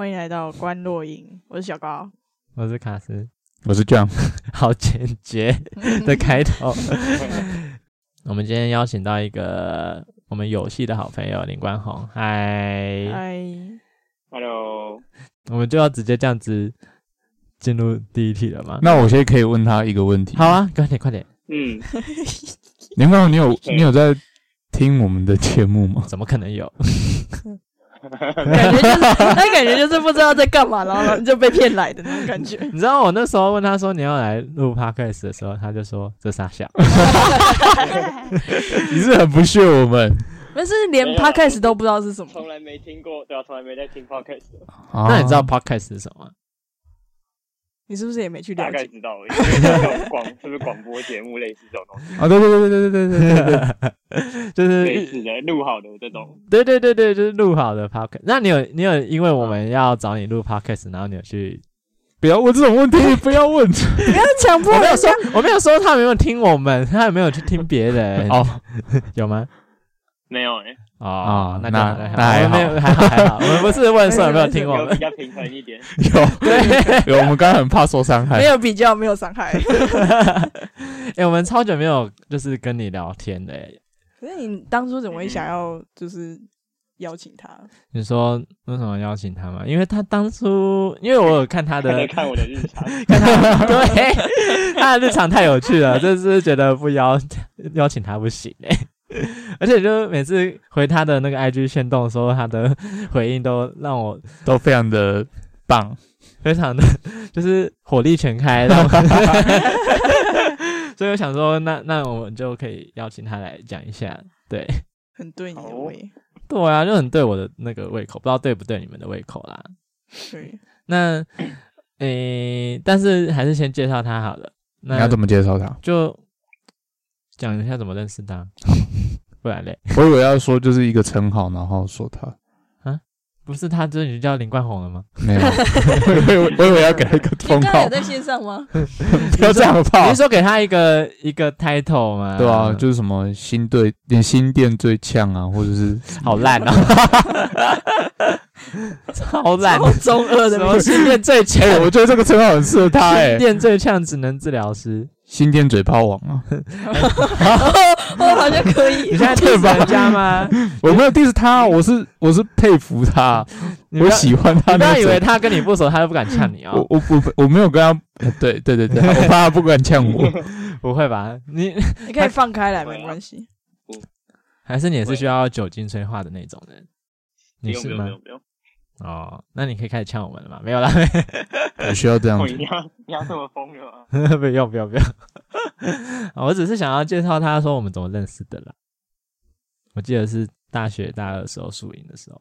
歡迎來到關落音，我是小高，我是卡斯，我是 John， 好簡潔的開頭。 我們今天邀請到一個我們有戲的好朋友林冠宏，嗨，嗨，Hello，我們就要直接這樣子進入第一題了嗎？那我先可以問他一個問題，好啊，快點快點，嗯，林冠宏，你有,有,你,有、okay. 你有在聽我們的節目嗎？怎麼可能有？ 感覺就是，那感覺就是不知道在幹嘛，然後就被騙來的那種感覺。 你知道我那時候問他說你要來錄 podcast 的時候，他就說這傻笑， 你是，是很不屑我們。不 是連 podcast 都不知道是什麼？從、啊、來沒聽過，對啊，從來沒在聽 podcast、哦。那你知道 podcast 是什麼？你是不是也沒去了解？大概知道，因為這種廣 是不是廣播節目，類似這種東西啊 哦？對對對對對對對對對對對，類似的錄好的這種。對對對對，就是錄好的 podcast。那你有你有，因為我們要找你錄 podcast 然後你有去、嗯？不要問這種問題，不要問， 你要不要強迫。我沒有說， 我沒有說他有沒有聽我們，他有沒有去聽別人？ 哦、 有嗎？沒有哎、欸。哦那那沒有還，還，還好還好， 我們不是問說有沒有聽過？有比較平衡一點，有對 有。我們剛剛很怕受傷害，沒有比較，沒有傷害。哎、 欸，我們超久沒有就是跟你聊天嘞、欸。可是你當初怎麼會想要就是邀請他？你說為什麼邀請他嘛？因為他當初因為我有看他的看，看我的日常， 看他的對 他的日常太有趣了，就是覺得不邀邀請他不行、欸而且就每次回他的那個 IG 限動的時候，他的回應都讓我都非常的棒，非常的就是火力全開。 我們 所以我想說，那那我們就可以邀請他來講一下，對，很對你的胃，對啊，就很對我的那個胃口，不知道對不對你們的胃口啦。對，那誒、欸，但是還是先介紹他好了那。你要怎麼介紹他？就講一下怎麼認識他。嗯不然嘞？我以為要說就是一個稱號，然後說他啊，不是他這女、就是，叫林冠宏了嗎？沒有， 我以為我以為要給他一個稱號。你他有在線上嗎？ 不要這樣子泡，你說，你是說給他一個一個 title 嗎？對啊、嗯，就是什麼新隊，你新店最嗆啊，或者是好爛啊， 超爛爛的， 超中二的 什麼新店最嗆、 欸，我覺得這個稱號很適合他、欸，誒哎，新店最嗆職能治療師。新店嘴炮王啊、 哎，啊， 我好像可以。 你現在在罵人家嗎？ 我沒有 diss 他，我是我是佩服他， 我喜歡他。你不要以為他跟你不熟，他就不敢嗆你啊、哦！ 我我我我沒有跟他，對對對對， 我怕他不敢嗆我。 不會吧？你 你可以放開來，沒關係。不，還是你也是需要酒精催化的那種人，你是嗎？哦、oh，那你可以開始嗆我們了嗎？沒有啦， 我需要這樣子。你 要這麼瘋熱嗎？不要不要不要， oh, 我只是想要介紹他說我們怎麼認識的啦。我記得是大學大二時候宿營的時候，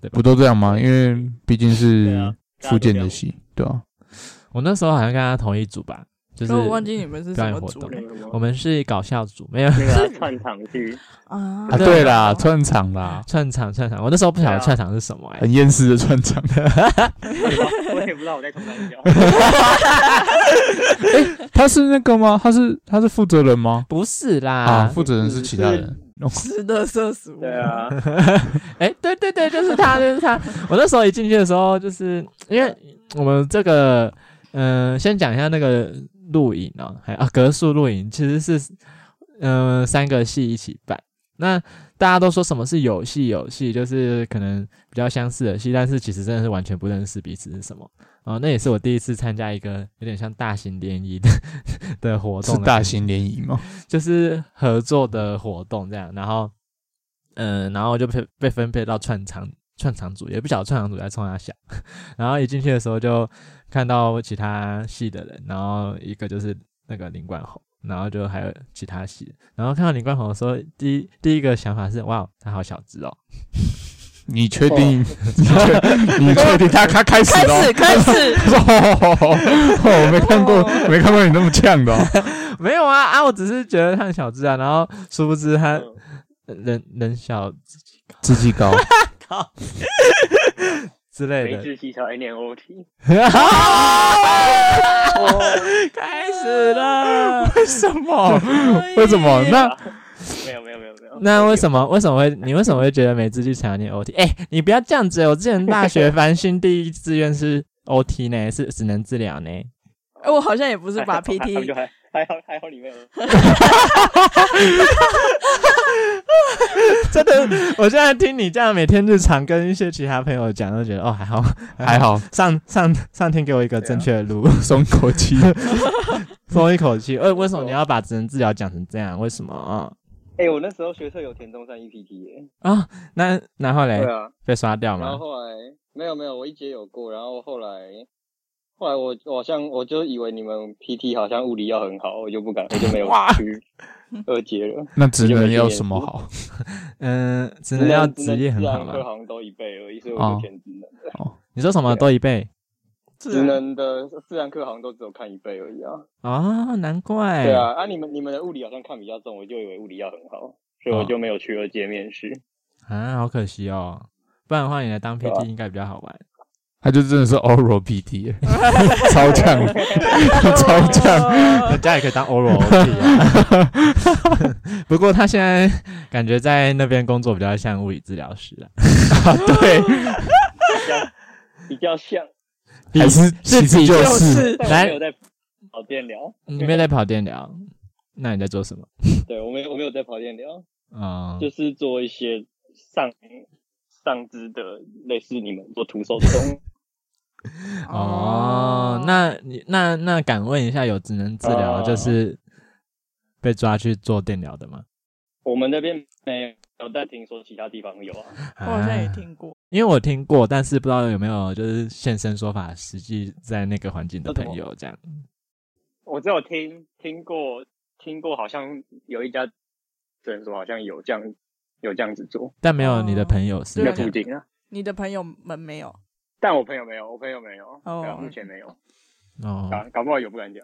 對，不都這樣嗎？ 因為畢竟是 對、啊、初見的系，對吧，啊？ 我那時候好像跟他同一組吧。就是、我，是我忘記你們是什麼組了。我們是搞笑組，沒、啊、有。是串場區啊，對，對，啊對啦串場啦，串場串場。我那時候不曉得串場是什麼、欸啊，很厭世的串場。我也不知道我在同場。哈，他是那個嗎？他是他是負責人嗎？不是啦，負、啊、責人是其他人。是，是的廁所。對啊。哎、 欸，對，對對對，就是他，就是他。 我那時候一進去的時候，就是因為我們這個，嗯、呃，先講一下那個。錄影呢、哦？還有啊，格數錄影其實是嗯、呃，三個系一起辦。那大家都說什麼是友系？友系就是可能比較相似的系，但是其實真的是完全不認識彼此是什麼啊、哦。那也是我第一次參加一個有點像大型聯誼的的活動的，是大型聯誼嗎？就是合作的活動這樣。然後嗯、呃，然後就被被分配到串場。串場主也不曉得串場主在衝他笑。然後一進去的時候就看到其他系的人，然後一個就是那個林冠宏，然後就還有其他系，然後看到林冠宏的時候第一第一個想法是哇，他好小資哦。你確定？哦你，確哦、你確定他他開始了開始開始？他說我、哦哦哦、沒看過、哦，沒看過你那麼嗆的、哦。沒有啊啊！我只是覺得他很小資啊，然後殊不知他人人小資，資技高。自 之類的，沒志氣才念 OT，開始了。 為什麼？ 為什麼？ 為什麼？那沒有沒有沒有沒有，沒有沒有 那為什麼？ 為什麼會？你為什麼會覺得沒志氣才要念 OT？哎、 欸，你不要這樣子！我之前大學翻新，第一志願是 OT 是呢，是職能治療呢。哎、欸，我好像也不是把 PT 還好還，還，還，還好，裡面有 真的。我現在聽你這樣每天日常跟一些其他朋友講，都覺得哦，還好還好，上上上天給我一個正確的路，啊、鬆口氣， 鬆一口氣。為、欸、為什麼你要把職能治療講成這樣？為什麼啊？哎、哦欸，我那時候學測有填中山 EPT 耶、欸。哦、啊，那那後來被刷掉嗎？然後後來沒有沒有，我一節有過，然後後來。後來我我好像我就以為你們 PT 好像物理要很好，我就不敢，我就沒有去二階了。 那職能要什麼好？ 嗯，職能，職能，職能要職業很好嘛。自然科都一倍而已，所以我就選職能。哦，你說什麼都一倍？職能的自然科好像都只有看一倍而已啊！啊、哦，難怪。對啊，啊，你們你們的物理好像看比較重，我就以為物理要很好，所以我就沒有去二階面試、哦、啊，好可惜哦。不然的話，你來當 PT 應該比較好玩。他就真的是 oral p t 超強，超強， 他家也可以當 oral p t 啊 不過他現在感覺在那邊工作比較像物理治療師啊 對，比較像， 比較像比，其實其實就是沒有在跑電療，你沒有在跑電療，那你在做什麼？對，我沒有，我沒有在跑電療啊，就是做一些上上肢的，類似你們做徒手的動作。哦，哦，那你那那敢問一下，有職能治療、哦、就是被抓去做電療的嗎？我們那邊沒有，但聽說其他地方有啊、啊。我好像也聽過，因為我聽過，但是不知道有沒有就是現身說法，實際在那個環境的朋友這樣。我只有聽聽過聽過，聽過好像有一家診所說好像有這樣有這樣子做，但沒有你的朋友是啊、哦。你的朋友們沒有。但我朋友沒有，我朋友沒有，oh. 啊、目前沒有，哦、oh.，搞不好有不敢講，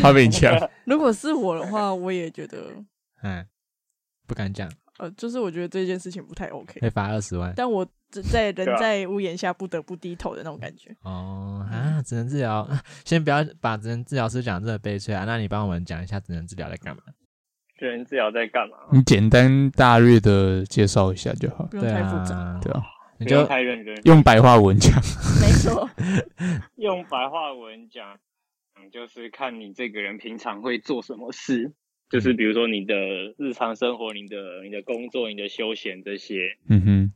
他比你強。如果是我的話， 我也覺得，嗯、欸，不敢講。呃，就是我覺得這件事情不太 OK，被罰二十萬。但我只在人在屋檐下不得不低頭的那種感覺。哦 啊，職、哦啊、能治療，先不要把職能治療師講這麼悲催啊。那你幫我們講一下職能治療在幹嘛？職能治療在幹嘛？你簡單大略的介紹一下就好，不用太複雜了，對吧、啊？對啊不要太認真。用白話文講，沒錯。用白話文講，嗯，就是看你這個人平常會做什麼事，就是比如說你的日常生活、你的、你的工作、你的休閒這些，嗯哼。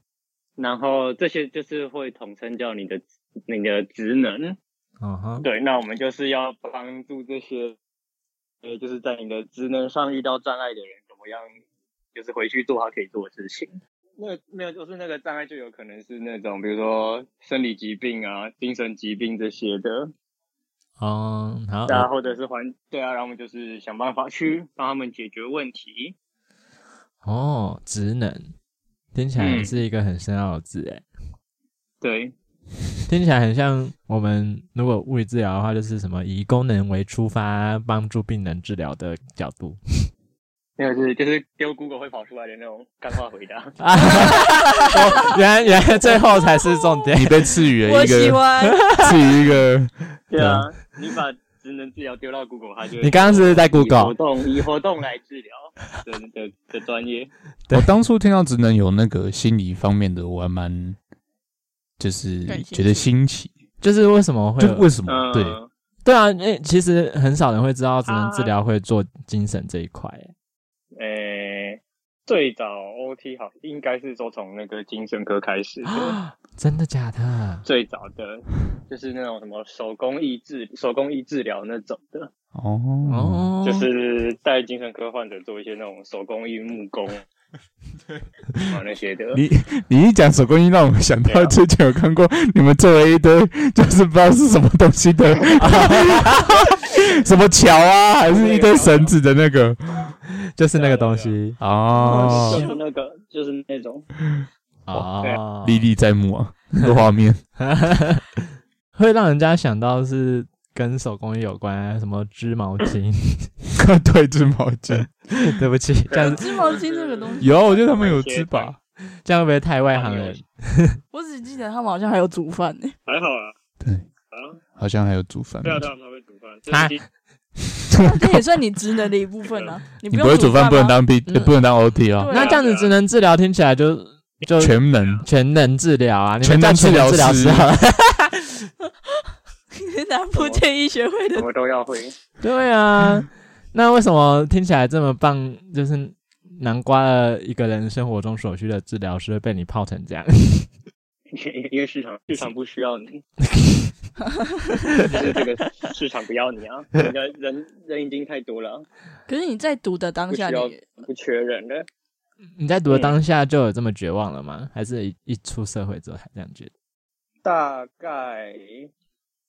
然後這些就是會統稱叫你的那個職能，嗯哼。對，那我們就是要幫助這些，呃，就是在你的職能上遇到障礙的人，怎麼樣，就是回去做他可以做的事情。那沒有，就是那個障礙，就有可能是那種，比如說生理疾病啊、精神疾病這些的。哦，好，然後或者是環，對啊，然後我們就是想辦法去幫、嗯、他們解決問題。哦，職能聽起來是一個很深奧的字，哎、嗯。對，聽起來很像我們如果物理治療的話，就是什麼以功能為出發，幫助病人治療的角度。沒有，就是就是丟 Google 會跑出來的那種幹話回答。 原來原來最後才是重點，你被賜予了一個，賜予一個。對啊，你把職能治療丟到 Google，他就你剛剛是在 Google？以活動以活動來治療，真的的專業。我當初聽到職能有那個心理方面的，我還蠻就是覺得新奇，就是為什麼會？為什麼？對對啊，那其實很少人會知道職能治療會做精神這一塊、欸。誒、欸，最早 OT 好，應該是說從那個精神科開始的。的、啊，真的假的？最早的，就是那種什麼手工藝治、手工藝治療那種的。哦，就是帶精神科患者做一些那種手工藝、木工。哦、對那些的。你你一講手工藝，讓我們想到之前有看過你們做了一堆，就是不知道是什麼東西的， 什麼橋啊，還是一堆繩子的那個。就是那個東西啊，要要 oh. 就是那個，就是那種啊，oh. Oh. 歷歷在目、啊，這個、畫面 會讓人家想到是跟手工藝有關，什麼織毛巾、呃、 巾，對，織毛巾，對不起，講織毛巾這個東西，有，我覺得他們有織吧，這樣會不會太外行人、欸？我只記得他們好像還有煮飯呢，還好啊，對，好、啊、像好像還有煮飯，對對，他們會煮飯，啊煮 這 也算你職能的一部分了、啊、你，你不會煮飯不能當 P，、嗯欸、不能當 OT 啊。那這樣子職能治療聽起來就就全能全能治療啊，啊，全能治療師啊。 你哪不建議學會的，我都要會。對啊， 那為什麼聽起來這麼棒？就是南瓜的一個人生活中所需的治療師會被你泡成這樣。 因為市場市場不需要你， 就是這個市場不要你啊！ 人家人人已經太多了。可是你在讀的當下你，你不，不缺人嘞？你在讀的當下就有這麼絕望了嗎？嗯、還是一,一出社會之後才這樣覺得？大概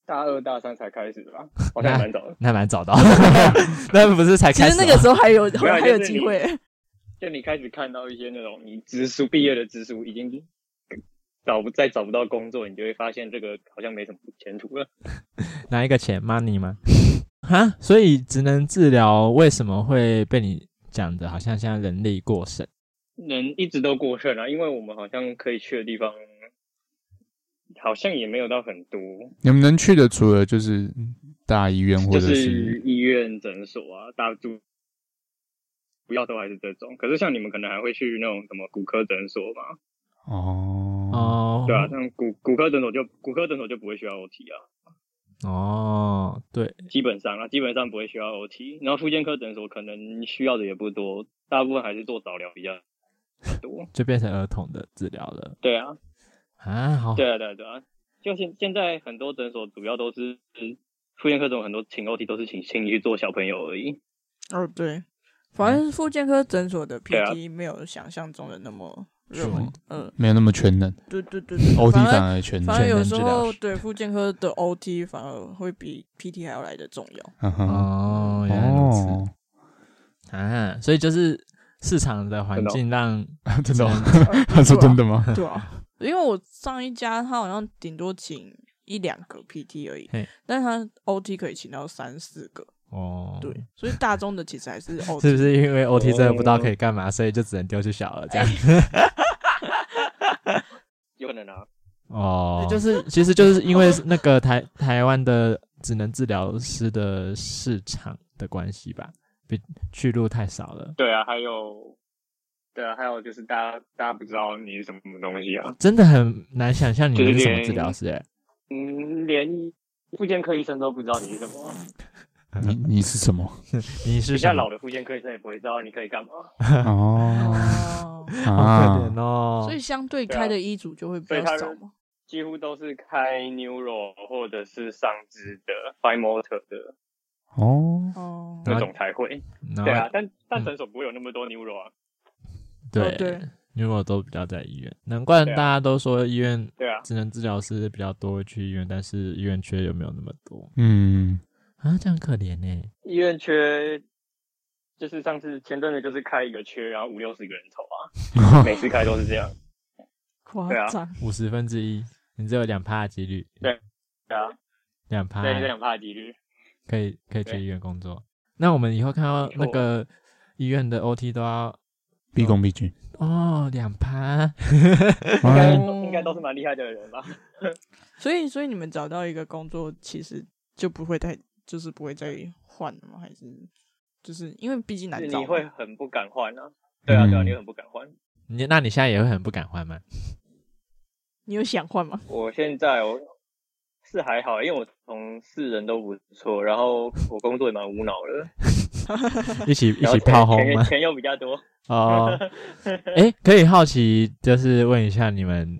大二大三才開始吧，好像蠻早的。 那蠻早的。 那不是才開始？其實那個時候還有 還有機會、欸就是。就你開始看到一些那種你直屬畢業的直屬已經。找不再找不到工作，你就會發現這個好像沒什麼前途了。哪 一個錢，money 嗎？哈、 啊，所以職能治療？為什麼會被你講的？好像現在人力過剩，人一直都過剩啊，因為我們好像可以去的地方，好像也沒有到很多。你們能去的，除了就是大醫院，或者是,是醫院診所啊，大都不要都還是這種。可是像你們可能還會去那種什麼骨科診所吧？哦。哦，對啊，像骨骨科診所就骨科診所就不會需要 OT 啊。哦，對，基本上啊，基本上不會需要 OT。然後，復健科診所可能需要的也不多，大部分還是做早療比較多。 就變成兒童的治療了。對啊，啊好。對啊，對啊對啊，就現現在很多診所主要都是復健科這種，很多請 OT 都是請請你去做小朋友而已。哦，對，反正復健科診所的 PT 沒有想象中的那麼。什、嗯、沒有那麼全能。對對對，O T 反而全能，反正有時候對復健科的 O T 反而會比 P T 還要來得重要。哦，哦，啊，所以就是市場的環境讓、嗯哦、 真的、哦， 他說真的嗎、啊對啊對啊？對啊，因為我上一家他好像頂多請一兩個 P T 而已，但是他 O T 可以請到三四個。哦、oh.，對，所以大宗的其實還是 OT，是不是因為 O T 真的不知道可以幹嘛，oh, 所以就只能丟去小兒這樣？ 有可能啊，哦、oh. 欸，就是其實就是因為那個台台灣的職能治療師的市場的關係吧，比去路太少了。對啊，還有，對啊，還有就是大家大家不知道你是什麼東西啊，真的很難想象你是什麼治療師、欸就是。嗯，連婦產科醫生都不知道你是什麼。 你你是什麼？你 是比較老的復健科醫生也不會知道，你可以幹嘛？哦，好可憐哦。所以相對開的醫囑就會比較少嗎？啊、幾乎都是開 neuro 或者是上肢的 fine motor 的，哦哦，那種才會。Oh, 對啊，對啊嗯、但但診所不會有那麼多 neuro 啊。對、oh, 對，neuro 都比較在醫院，難怪大家都說醫院對啊，職能治療師比較多去醫院、啊啊，但是醫院卻又沒有那麼多。嗯。啊，這樣可憐呢、欸！醫院缺，就是上次前陣子就是開一個缺，然後五六十個人抽啊， 每次開都是這樣，誇張、對啊，五十分之一，你只有兩趴的幾率。對，對啊，兩趴，對，兩趴的幾率，可以可以去醫院工作。那我們以後看到那個醫院的 OT 都要畢恭畢敬哦，兩趴、哦， 應該應該都是蠻厲害的人吧？ 所以所以你們找到一個工作，其實就不會太。就是不會再換了嗎？還是就是因為畢竟男你會很不敢換呢、啊？對啊，對啊，嗯、你會很不敢換。你那你現在也會很不敢換嗎你有想換嗎？我現在我是還好，因為我同事人都不錯，然後我工作也蠻無腦的， 一起一起泡轟嘛，錢又 比較多哦，哎、 欸，可以好奇就是問一下你們，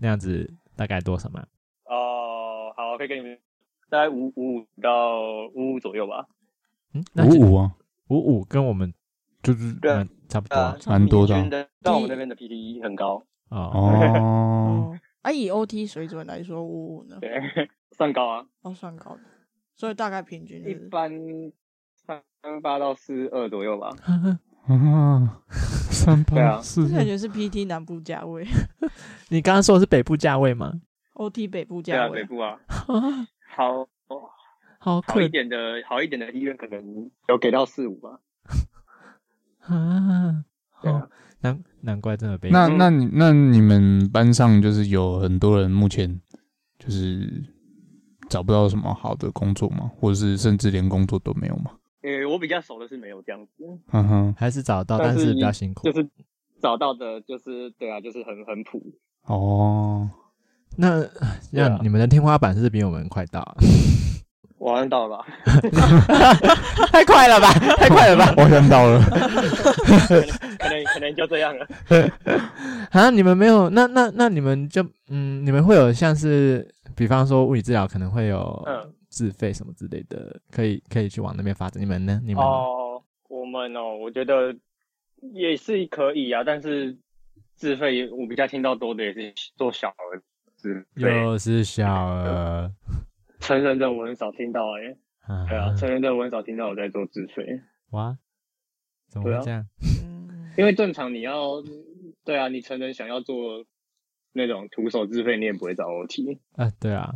那樣子大概做什麼？哦，好，可以跟你們。大概五五五到五五左右吧，嗯，五五啊，五五跟我們就是差不多、啊，蠻、嗯、多的、啊。但我們那邊的 PT e 很高哦， 哦，啊以 OT 水準來說五五呢，對，算高啊，哦算高的，所以大概平均是是一般三八到四二左右吧，三 八 啊，這、就是、感覺是 PT 南部價位 ， 你剛剛說的是北部價位嗎？OT 北部價位、啊， 北部啊。 好、哦、好快一點的好一點的醫院可能有給到四五吧， 啊，對啊，難難怪這麼悲哀，那那你那你們班上就是有很多人目前就是找不到什麼好的工作嗎？或者是甚至連工作都沒有嗎？誒、欸，我比較熟的是沒有這樣子，嗯哼，還是找到但是，但是比較辛苦，就是找到的，就是對啊，就是很很普哦。那那你們的天花板是比我們快到？啊、 我按到了吧？ 太快了吧？太快了吧？ 我到了。 可能可能，可能就這樣了。好、 啊，你們沒有？那那那你們就嗯，你們會有像是，比方說物理治療，可能會有自費什麼之類的，可以可以去往那邊發展。你們呢？你們哦、呃，我們哦，我覺得也是可以啊，但是自費，我比較聽到多的也是做小兒。又是小兒成人的我很少聽到哎、欸啊，對啊，成人的我很少聽到我在做自費哇？怎麼會這樣？啊、因為正常你要對啊，你成人想要做那種徒手自費，你也不會找 OT 啊？對啊，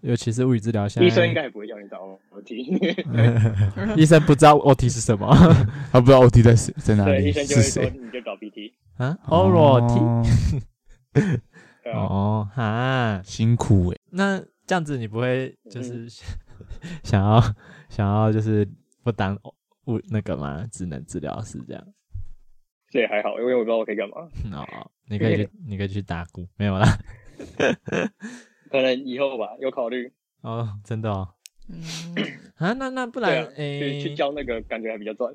尤其是物理治療，醫生應該也不會叫你找 OT， 醫生不知道 OT 是什麼， 他不知道 OT 在在哪裡。對，醫生就會說你就找 BT 啊，OT。Oh, oh, 哦哈，辛苦。哎、欸！那這樣子你不會就是、嗯、想要想要就是不當不那個嗎？職能治療師這樣，這也還好，因為我不知道我可以幹嘛、嗯。哦，你可以去 你可以去打鼓，沒有啦。 可能以後吧，有考慮哦，真的哦。 啊，那那不然哎，啊欸、去教那個感覺還比較賺。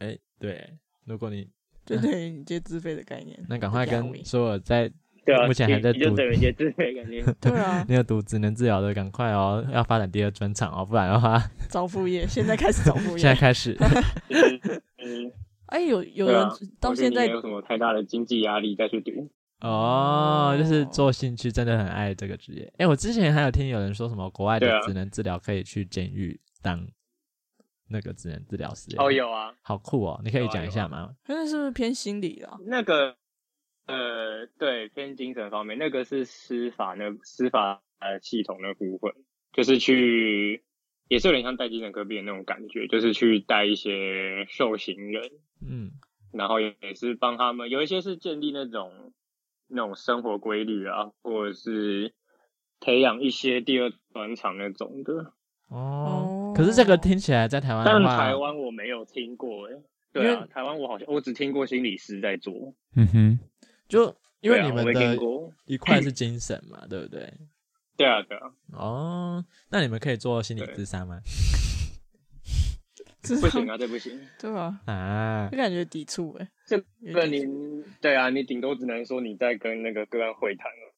哎、欸，對，如果你對。對。你接自費的概念，那趕快跟說我在。對啊，目前還在讀，感覺 對啊。你要讀職能治療的，趕快哦，要發展第二專長哦，不然的話，找副業，現在開始找副業，現在開始。 嗯嗯、哎，有有人、啊、到現在沒有什麼太大的經濟壓力再去讀哦，就是做興趣真的很愛這個職業。哎、欸，我之前還有聽有人說什麼國外的職能治療可以去監獄當那個職能治療師哦，有啊，好酷哦，你可以講一下嗎？那、啊啊、是，是不是偏心理啊？那個。呃，對，偏精神方面，那個是司法那司法系統的部分，就是去也是有點像帶精神科病那種感覺，就是去帶一些受刑人，嗯，然後也是幫他們，有一些是建立那種那種生活規律啊，或者是培養一些第二專長那種的。哦，可是這個聽起來在台灣，但台灣我沒有聽過、欸，哎，對啊，台灣我好像我只聽過心理師在做，嗯哼。就因為你們的一塊是精神嘛，對、啊、對不對？第二個哦，那你們可以做心理諮商嗎 ？不行啊，這不行。對啊，啊，就感覺抵觸哎、欸。這個你，對啊，你頂多只能說你在跟那個個案會談了。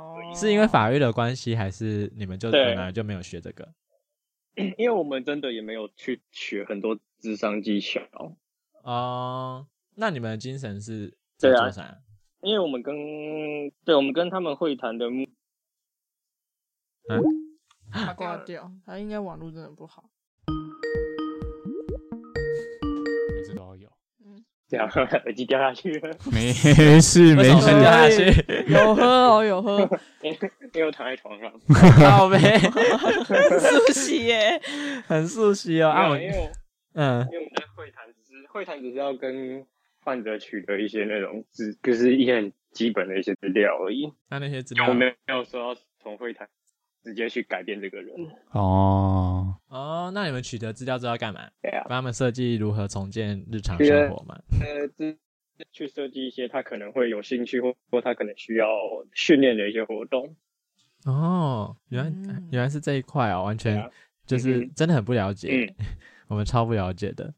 哦，是因為法律的關係，還是你們就本來就沒有學這個？ 因為我們真的也沒有去學很多諮商技巧。哦，那你們的精神是在做啥？因為我們跟、對，我們跟他們會談的目、嗯，他掛掉，他應該網路真的不好。一直都有，這樣耳機掉下去了，沒事沒事，掉下去，有喝哦？有喝，因為我躺在床上， 好唄美， 很熟悉耶，很熟悉哦，啊，因為我嗯，因為我們在會談，只是會談，只是要跟。患者取得一些那種，只就是一些很基本的一些資料而已。他、哦、那，那些資料，沒有沒有說要從會談直接去改變這個人？哦哦，那你們取得資料知道要幹嘛？幫、啊、他們設計如何重建日常生活嗎？啊、呃，去設計一些他可能會有興趣，或或他可能需要訓練的一些活動。哦，原來原來是這一塊啊、哦嗯！完全就是嗯嗯真的很不了解，嗯、 我們超不了解的。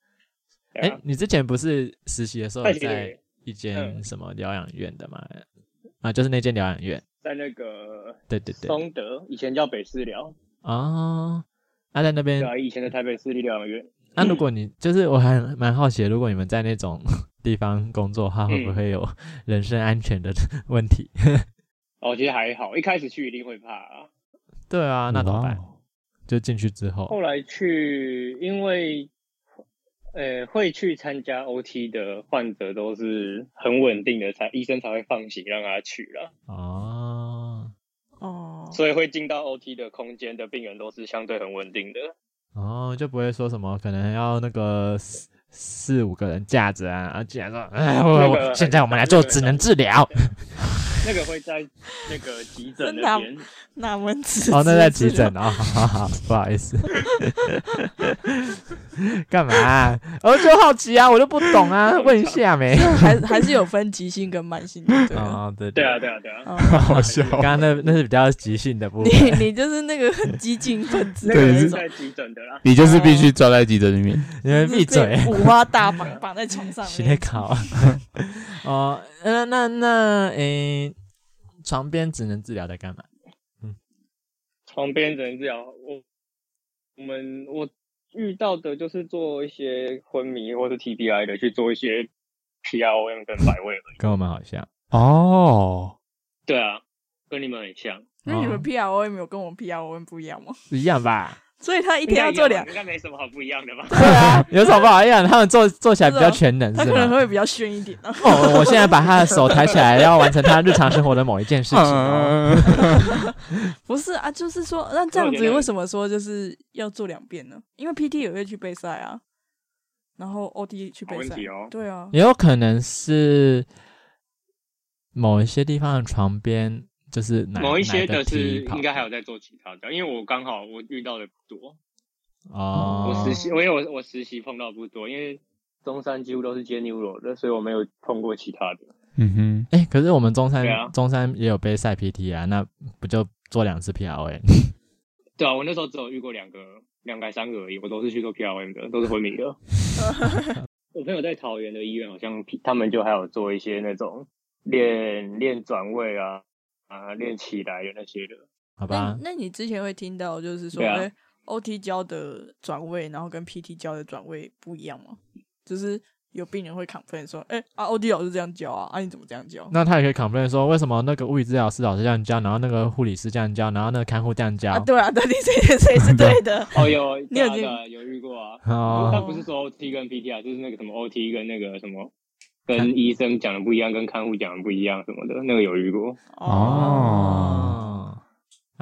哎、欸，你之前不是實習的時候在一間什麼療養院的嗎、嗯？啊，就是那間療養院，在那個對對對，松德以前叫北市療、哦、啊，啊。那在那邊以前的台北市立療養院。那、嗯啊、如果你就是，我還蠻好奇，如果你們在那種地方工作的話，嗯、會不會有人身安全的問題？ 哦，我覺得還好，一開始去一定會怕。啊。對啊，那怎麼辦？嗯啊、就進去之後，後來去，因為。呃，會去參加 OT 的患者都是很穩定的，才醫生才會放心讓他去了。哦哦，所以會進到 OT 的空間的病人都是相對很穩定的。哦，就不會說什麼可能要那個四四五個人架子啊，而且說，哎，這個、現在我們來做職能治療。對對對對 那個會在那個急診的那那文字哦，那在急診、哦、 啊，哈、哦、哈，不好意思，幹嘛？我就好奇啊，我就不懂啊，問一下沒？還是還是有分急性跟慢性的對啊，哦、對對，對，對啊，對啊，對啊哦、好笑！剛、啊、剛那那是比較急性的部分，部你你就是那個激進分子，對， 在急診的啦、哦，你就是必須抓在急診裡面，因為急嘴五、就是、花大綁綁在床上，斜內、啊、 哦。嗯、那那那誒、欸，床邊職能治療在幹嘛、嗯？床邊職能治療我，我們我遇到的就是做一些昏迷或是 TBI 的，去做一些 PROM 跟擺位的，跟我們好像哦，對啊，跟你們很像，那你們 PROM 有跟我們 PROM 不一樣嗎？哦、一樣吧。所以他一天要做兩，應該沒什麼好不一樣的吧？ 對啊， 有什麼不好一樣，他們做做起來比較全能，是啊、是他可能會比較炫一點、啊。 哦，我現在把他的手抬起來， 要完成他日常生活的某一件事情。嗯、 不是啊，就是說，那這樣子為什麼說就是要做兩遍呢？因為 PT 也會去備賽啊，然後 OT 去備賽哦。對啊，也有可能是某一些地方的床邊。就是某一些的是應該還有在做其他的，因為我剛好我遇到的不多哦、oh...。我實習，因為我我實習碰到不多，因為中山幾乎都是接 Neuro 的，所以我沒有碰過其他的。嗯哼，哎、欸，可是我們中山、啊、中山也有背塞 PT 啊，那不就做兩次 PRM 誒？對啊，我那時候只有遇過兩個，兩個還三個而已，我都是去做 PRM 的，都是昏迷的。 我朋友在桃園的醫院，好像他們就還有做一些那種練練轉位啊。啊，練起來有那些的，好吧？那，那你之前會聽到就是說，哎，O T 教的轉位，然後跟 P T 教的轉位不一樣嗎？就是有病人會 complain 說，哎、欸，啊，O T 老師這樣教啊，啊，你怎麼這樣教？那他也可以 complain 說，為什麼那個物理治療師老師這樣教，然後那個護理、理師這樣教，然後那個看護這樣教？ 啊，對啊，到底誰誰是對的、啊？哦呦、啊，你、啊啊啊、有猶豫過啊？他不是說 O T 跟 P T 啊，就是那個什麼 O T 跟那個什麼。跟醫生講的不一樣，跟看護講的不一樣，什麼的，那個有遇過哦、啊？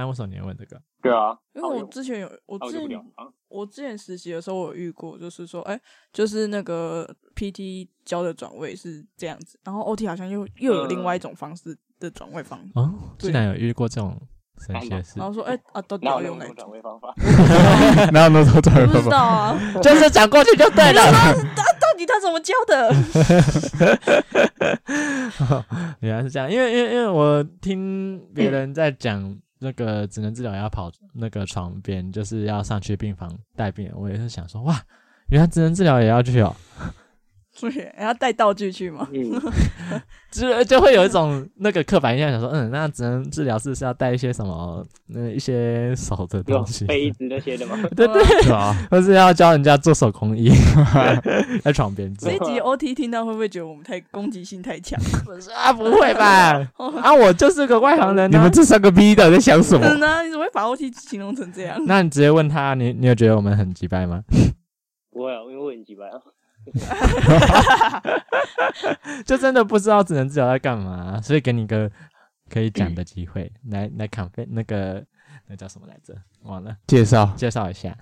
為什麼你要問這個？對啊，因為我之前有，我之前、啊、我之前實習的時候，我有遇過，就是說，哎、欸，就是那個 P T 教的轉位是這樣子，然後 O T 好像又、呃、又有另外一種方式的轉位方法哦、啊，竟然有遇過這種神奇的事，然後說，哎啊，到底用哪種轉位方法？我不知道 哪有那麼多轉位方法？ 道啊、 就是講過去就對了。 你他，怎麼教的？ 哦，原來是這樣，因為因為因為我聽別人在講那個職能治療要跑那個床邊，就是要上去病房帶病人。我也是想說，哇，原來職能治療也要去哦。然後帶道具去嗎？嗯、 就就會有一種那個刻板印象， 想說，嗯，那職能治療師是要帶一些什麼，那一些手的東西，杯子那些的嘛？對對，對，是 啊對對對， 或是要教人家做手工藝， 在床邊做。這一集 OT 聽到會不會覺得我們太攻擊性太強？ 啊，不會吧？ 啊，我就是個外行人、啊。 你們這三個逼的在想什麼？真 啊、你怎麼會把 OT 形容成這樣？ 那你直接問他，你你有覺得我們很雞掰嗎？ 不會，因為我很雞掰啊。哈哈哈哈哈！哈，就真的不知道職能治療在幹嘛，所以給你一個可以講的機會，來來看，飛那個那叫什麼來着？忘了，介紹介紹一下。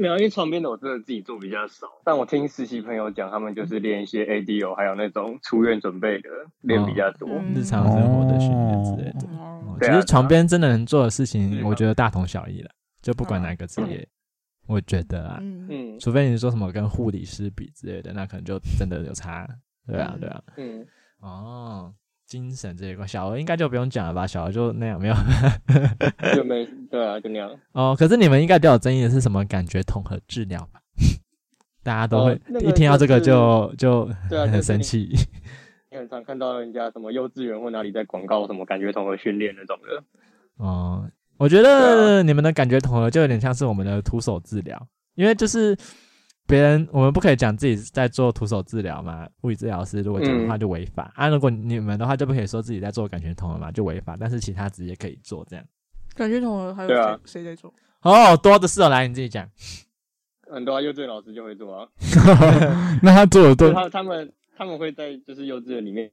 苗 因為床邊的，我真的自己做比較少，但我聽實習朋友講，他們就是練一些 A D O，還有那種出院準備的練比較多、哦，日常生活的訓練之類的。嗯哦啊、其實床邊真的能做的事情，我覺得大同小異了，就不管哪個職業。嗯我覺得啊，嗯嗯，除非你說什麼跟護理師比之類的，那可能就真的有差，嗯、對啊，對啊，嗯，哦，精神這一塊，小兒應該就不用講了吧？小兒就那樣，沒有，就沒，對啊，就那樣。哦，可是你們應該都有爭議的是什麼感覺統合治療吧？ 大家都會、呃那個就是、一聽到這個就就很生氣、就是。你很常看到人家什麼幼稚園或哪裡在廣告什麼感覺統合訓練那種的，哦。我覺得你們的感覺統合就有點像是我們的徒手治療，因為就是別人我們不可以講自己在做徒手治療嘛，物理治療師如果講的話就違法，嗯、啊。如果你們的話就不可以說自己在做感覺統合嘛，就違法。但是其他職業可以做這樣。感覺統合還有誰、啊、誰在做？哦，好多的是、哦，來你自己講。很、嗯、多、啊、幼稚園老師就會做啊。 那他做的對，他他們他們會，在就是幼稚園裡面。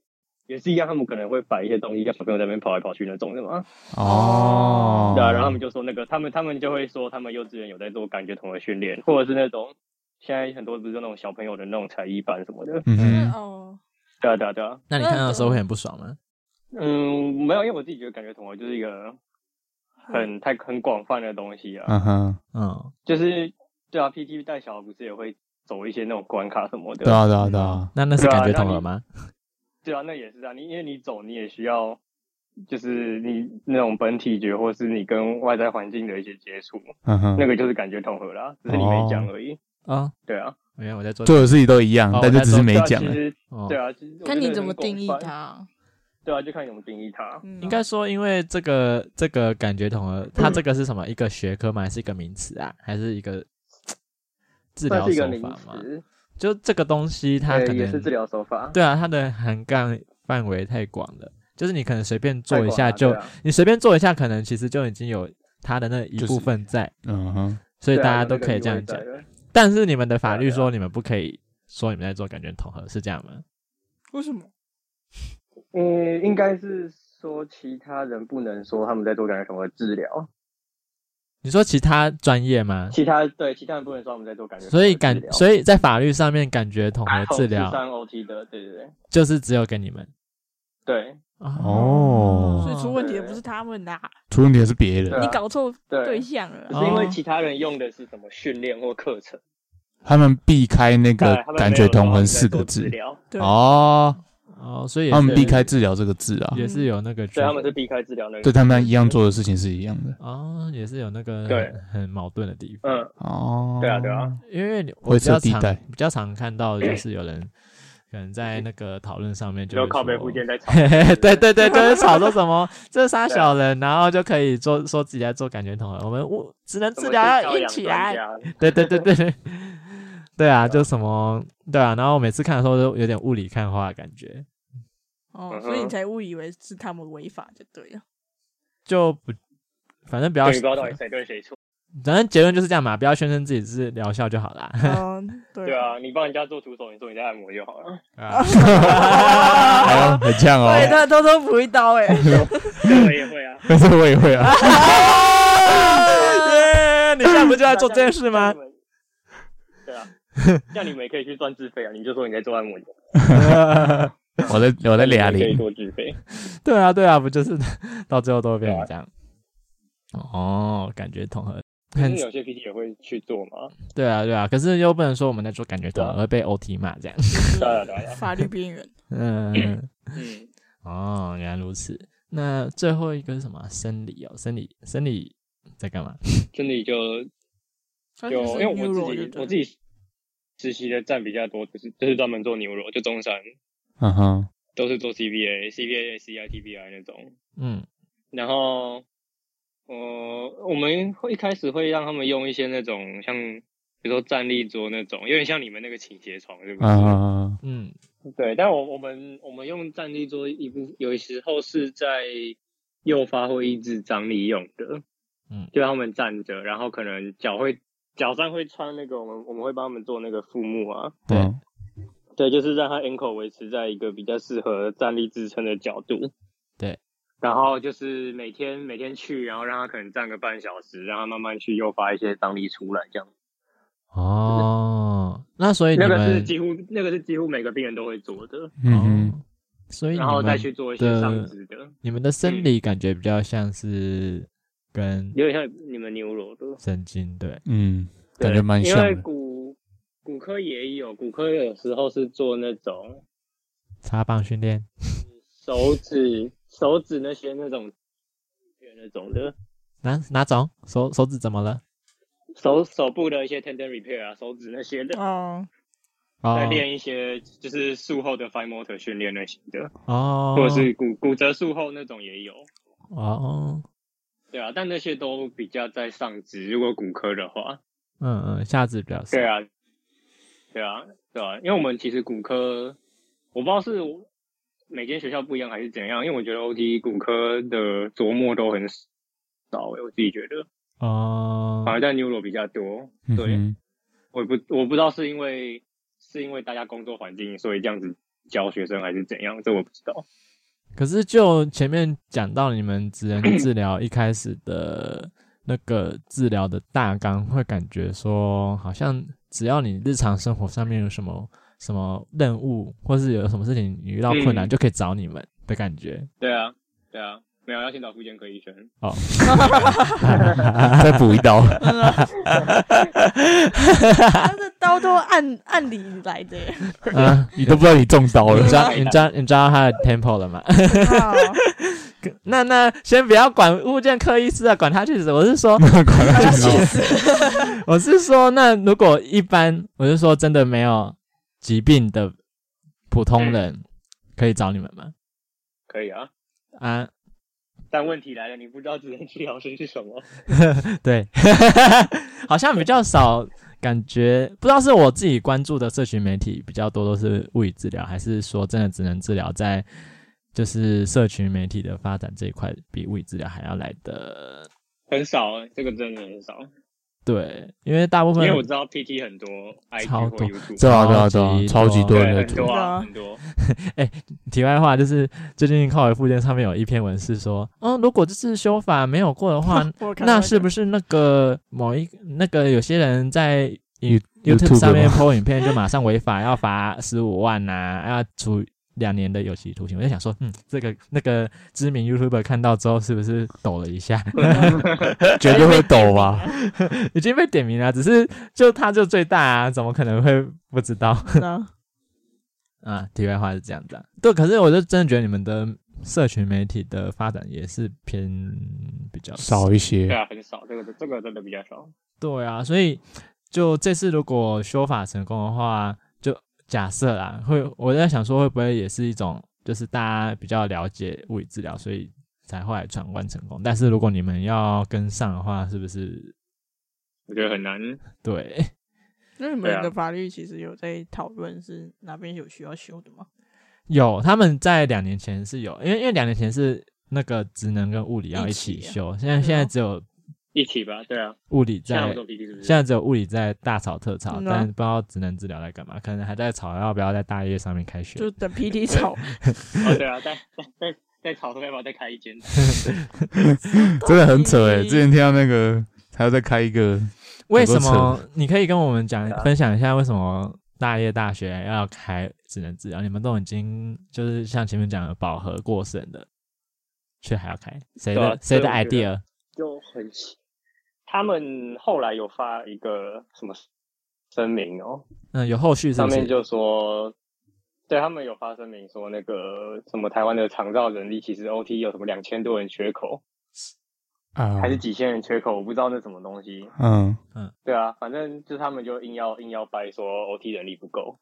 也是一樣，他們可能會擺一些東西，讓小朋友在那邊跑來跑去那種，是嗎？哦、oh.，對啊，然後他們就說那個，他們他們就會說，他們幼稚園有在做感覺統合訓練，或者是那種現在很多不是都那種小朋友的那種才藝班什麼的。嗯、mm、哦 -hmm. 啊，對啊對啊對啊。那你看到的時候會很不爽嗎？嗯，沒有，因為我自己覺得感覺統合就是一個很太很廣泛的東西啊。嗯哼，嗯，就是對啊，PT 帶小孩不是也會走一些那種關卡什麼的？對啊對啊對啊。那那是感覺統合嗎？對啊，那也是啊。你因為你走，你也需要，就是你那種本體覺，或是你跟外在環境的一些接觸、啊，那個就是感覺統合啦，只是你沒講而已啊、哦。對啊，沒、嗯、有、啊、我在做，做的事情都一樣，哦、但是只是沒講。對啊，其實、啊哦、看你怎麼定義它。對啊，就看你怎麼定義它、嗯。應該說，因為這個這個感覺統合，它這個是什麼？一個學科嗎？還是一個名詞啊？還是一個，算是一個名詞。治療手法嗎？就這個東西，它可能是治療手法。對啊，它的涵蓋範圍太廣了，就是你可能隨便做一下就，啊啊、你隨便做一下，可能其實就已經有它的那一部分在。嗯、就、哼、是，所以大家都可以這樣講、啊。但是你們的法律說你們不可以說你們在做感覺統合，是這樣嗎？為什麼？呃、嗯，應該是說其他人不能說他們在做感覺統合治療。.你說其他專業嗎？其他對，其他人不能說我們在做感覺統合。所以感，所以在法律上面感覺統合治療。三 OT 的，對對對，對。就是只有給你們。對。哦。哦，所以出問題的不是他們啦、啊。出問題的是別人、啊。你搞錯對象了。啊、是因為其他人用的是什麼訓練或課程？哦、他們避開那個“感覺統合”四個字。對。對哦。哦，所以他們避開治療這個字啊，也是有那個、嗯，所以他們是避開治療的，對，他們一樣做的事情是一樣的哦，也是有那個很矛盾的地方，嗯哦，對啊對啊，因為我比較常地比較常看到的就是有人可能在那個討論上面就、欸、靠北附肩在， 對對對，就是吵說什麼 這三小人，然後就可以做說自己在做感覺統合，我們我職能治療一起來，對對對對，對。 對啊，就什麼對啊，然後每次看的時候都有點霧裡看花的感覺。哦，所以你才誤以為是他們違法就對了。就不，反正不要不知道到底誰對誰錯，反正結論就是這樣嘛，不要宣稱自己是療效就好啦。嗯，對， 對啊，你幫人家做徒手，你做人家按摩就好了。啊好哈很像哦。對 他偷偷補一刀哎、欸。我也會啊，但是我也會啊。 你現在不就在做這件事嗎？像你們也可以去賺自費啊，你就說你在做按摩。 我在的，我在壓力。可以做自費。 對啊，對啊，不就是到最後都會變成這樣，啊。哦，感覺統合。可是有些 PT 也會去做嘛？對啊，對啊。可是又不能說我們在做感覺統合、啊、被 OT 罵這樣。法律邊緣。啊啊啊、 病 嗯嗯。 哦，原來如此。那最後一個是什麼、啊？生理哦，生理，生理，生理在幹嘛？生理就就，就有因為、Euro、我自己，我自己。實習的站比較多，就是就是專門做 neuro，就中山，嗯哼，都是做 CBA、CBA、CITBI 那種，嗯，然後，呃，我們會一開始會讓他們用一些那種像，比如說站立桌那種，有點像你們那個傾斜床，是不是？啊、uh-huh.，嗯，對，但我我們我們用站立桌一部，有時候是在誘發或抑制張力用的，嗯，就讓他們站着，然後可能腳會。腳上會穿那個，我們我們會幫他們做那個副木啊。對，對，就是讓他 ankle 維持在一個比較適合站立支撐的角度。對，然後就是每天每天去，然後讓他可能站個半小時，讓他慢慢去誘發一些張力出來，這樣。哦，那所以那個是幾乎那個是幾乎每個病人都會做的。嗯，所以然後再去做一些上肢的。你們的生理感覺比較像是。嗯跟有點像你們牛羅的神經，對，嗯，感覺蠻像。因為骨骨科也有，骨科有時候是做那種插棒訓練，手指手指那些那種，那種的，哪哪種？手，手指怎麼了？手手部的一些 tendon repair 啊，手指那些的哦，再練一些就是術後的 fine motor 訓練類型的哦，或者是骨骨折術後那種也有哦。對啊，但那些都比較在上肢，如果骨科的話，嗯嗯，下肢比較少對、啊。對啊，對啊，對啊，因為我們其實骨科，我不知道是每間學校不一樣還是怎樣，因為我覺得 OT 骨科的琢磨都很少誒、欸，我自己覺得。哦。反而在 New 羅比較多。對、嗯。我不，我不知道是因為是因為大家工作環境所以這樣子教學生還是怎樣，這我不知道。可是，就前面講到你們職能治療一開始的那個治療的大綱，會感覺說，好像只要你日常生活上面有什麼什麼任務，或是有什麼事情你遇到困難，嗯、就可以找你們的感覺。對啊，對啊。沒有要先找婦產科醫生。好、oh. 再補一刀。 他的刀都按按理來的。啊，你都不知道你中刀了，抓 你抓知 你抓到他的 tempo 了嗎？ 那那先不要管婦產科醫師啊，管他去死。我是說 管他去死。 我是說，那如果一般，我是說真的沒有疾病的普通人、欸、可以找你們嗎？可以啊。啊、uh,。但問題來了，你不知道職能治療的是什麼？ 對， 好像比較少，感覺 不知道是我自己關注的社群媒體比較多，都是物理治療，還是說真的職能治療在就是社群媒體的發展這一塊，比物理治療還要來得很少。哎，這個真的很少。對，因為大部分因為我知道 PT 很多，超多，對啊對啊對啊，超級多的圖，很多啊、很多啊、很多。哎、 欸，題外話就是，最近靠維附件上面有一篇文是說，嗯，如果這次修法沒有過的話， 那是不是那個某一個那個有些人在 YouTube 上面 po 影片就馬上違法要罰十五萬吶、啊， 要處？兩年的有期徒刑，我就想說，嗯，這個那個知名 YouTuber 看到之後是不是抖了一下？ 絕對會抖啊！ 已經被點名了，只是就他就最大啊，怎麼可能會不知道？ 啊，題外話是這樣子啊。對，可是我就真的覺得你們的社群媒體的發展也是偏比較少，少一些。對啊，很少，這個這個真的比較少。對啊，所以就這次如果修法成功的話。假設啦，會我在想說會不會也是一種，就是大家比較了解物理治療，所以才後來闖關成功。但是如果你們要跟上的話，是不是我覺得很難？對。那你們的法律其實有在討論是哪邊有需要修的嗎？有，他們在兩年前是有，因為因為兩年前是那個職能跟物理要一起修，一起啊、現在現在只有。一起吧，對啊，物理在現在,是是現在只有物理在大吵特吵、嗯啊，但不知道職能治療在幹嘛，可能還在吵要不要在大業上面開學，就等 PT 吵、 哦，對啊，在在在在吵，說要不要再開一間， 真的很扯哎！之前聽到那個還要再開一個，為什麼？你可以跟我們講分享一下為什麼大業大學要開職能治療？你們都已經就是像前面講的飽和過剩的，卻還要開誰的誰、啊、的 idea 就很。他們後來有發一個什麼聲明哦、喔？嗯，有後續聲明，上面就說，對他們有發聲明說那個什麼台灣的長照人力其實 O T 有什麼兩千多人缺口，啊、呃，還是幾千人缺口，我不知道那什麼東西。嗯嗯，對啊，反正就他們就硬要硬要掰說 O T 人力不夠，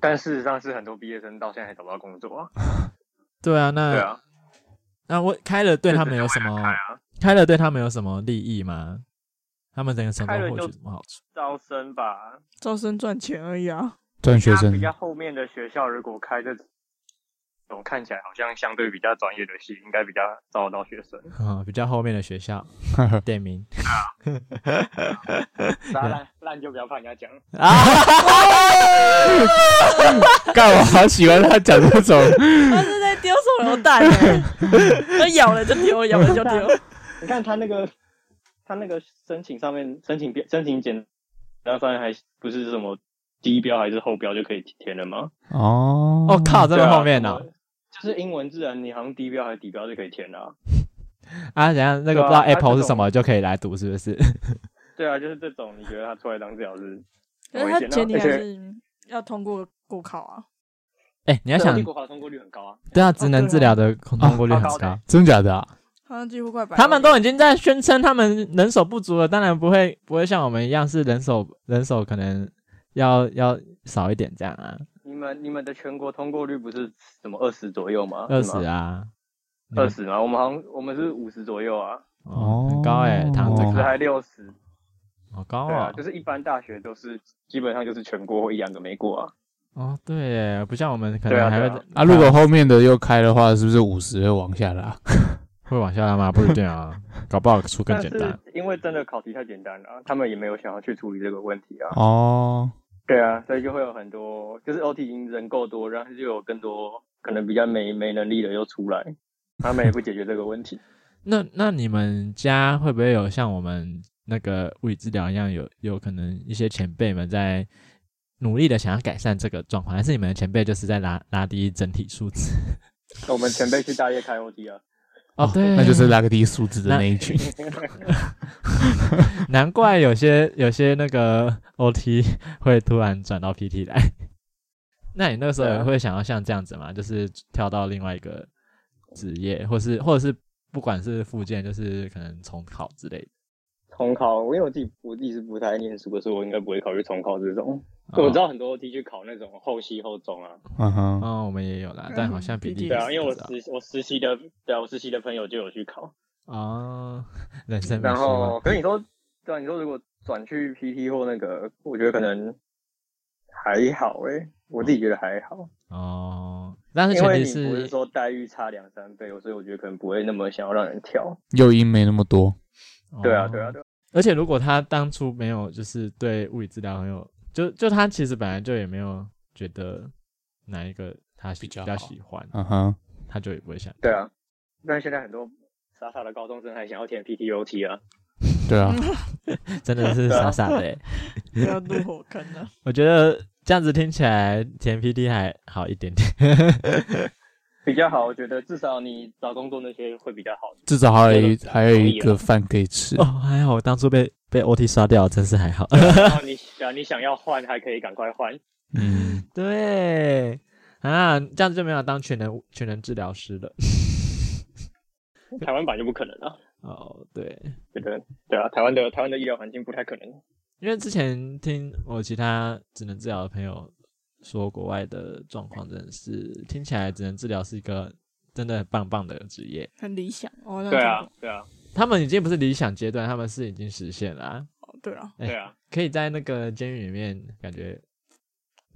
但事實上是很多畢業生到現在還找不到工作，啊 對啊。對啊，那對啊，那我開了對他們有什麼對對對？開了對他們有什麼利益嗎？他們整個成功獲取什麼好處？招生吧，招生賺錢而已啊。賺學生比較後面的學校，如果開這種看起來好像相對比較專業的系，應該比較招得到學生啊、嗯。比較後面的學校點 店名。啊！ 爛就不要怕人家講 啊！啊啊 幹嘛喜歡他講這種？ 他是在丟手榴彈哎！ 他咬了就丟，咬不就丟。 你看他那個，他那個申請上面申請表申請簡，然後上面還不是什麼底標還是後標就可以填了嗎？哦，我靠，這個後面呢、啊啊？就是英文字啊，你好像低標還是底標就可以填了、啊。啊，等一下那個不知道 Apple、啊、是什麼就可以來讀是不是？對啊，就是這種，你覺得他出來當治療師？可 是他前提還是要通過國考啊。誒、欸、你要想、啊、國考通過率很高啊。對啊，職能治療的通過率很高、啊哦哦高、高、很高，真的假的啊？好像幾乎快。他們都已經在宣稱他們人手不足了，當然不會不會像我們一樣是人手人手可能要要少一點這樣啊。你們你們的全國通過率不是什麼二十左右嗎？二十啊，二十啊。我們好像我們是五十左右啊。哦、oh，很高哎、欸，五十還六十，好、oh. oh、高啊、哦！對啊，就是一般大學都是基本上就是全國一兩個沒過啊。哦、oh，對、欸，不像我們可能還會、啊啊。啊，如果後面的又開的話，是不是五十會往下拉？ 會往下拉嗎？ 不一定啊，搞不好出更簡單。但是因為真的考題太簡單了，然後他們也沒有想要去處理這個問題啊。哦、oh.，對啊，所以就會有很多，就是 OT 已經人夠多，然後就有更多可能比較沒沒能力的又出來，他們也不解決這個問題。 那那你們家會不會有像我們那個物理治療一樣有，有有可能一些前輩們在努力的想要改善這個狀況，還是你們的前輩就是在拉拉低整體數字？ 我們前輩去大業開 OT 啊。哦，哦，對、啊，那就是拉個低素質的那一群， 難怪有些有些那個 O T 會突然轉到 P T 來。 那你那個時候會想要像這樣子嗎、啊？就是跳到另外一個職業，或是或者是不管是復健，就是可能重考之類的。重考，我因為我自己我一直不太愛念書的，所以，我應該不會考慮重考這種。哦、我知道很多地區考那種後西後中啊，嗯哼，哦，我們也有啦、嗯，但好像比例對啊，因為我實我實習的對啊，我實習的朋友就有去考啊，對、哦，然後，可是你說，對啊，你說如果轉去 PT 或那個，我覺得可能還好誒、欸，我自己覺得還好哦。但是，是因為你不是說待遇差兩三倍，所以我覺得可能不會那麼想要讓人跳，誘因沒那麼多。對啊，對啊，對啊。對啊而且，如果他當初沒有，就是對物理治療很有，就就他其實本來就也沒有覺得哪一個他比較，比較喜歡，嗯哼，他就也不會想。對啊，但是現在很多傻傻的高中生還想要填 PTOT 啊。對啊， 真的是傻傻的欸。要怒火坑啊！我覺得這樣子聽起來填 PT 還好一點點。 比較好，我覺得至少你找工作那些會比較好。至少還有一還有一個飯可以吃哦，還好，我當初被被 OT 刷掉，真是還好。啊、然後你想， 啊、你想要換還可以趕快換。嗯，對啊，這樣子就沒有當全能全能治療師了。台灣版就不可能了。 哦，對，這個對啊，台灣的台灣的醫療環境不太可能，因為之前聽我其他職能治療的朋友。說國外的狀況真的是聽起來，職能治療是一個真的很棒棒的職業，很理想哦。對啊，對啊，他們已經不是理想階段，他們是已經實現了。哦，對啊，對啊，可以在那個監獄裡面，感覺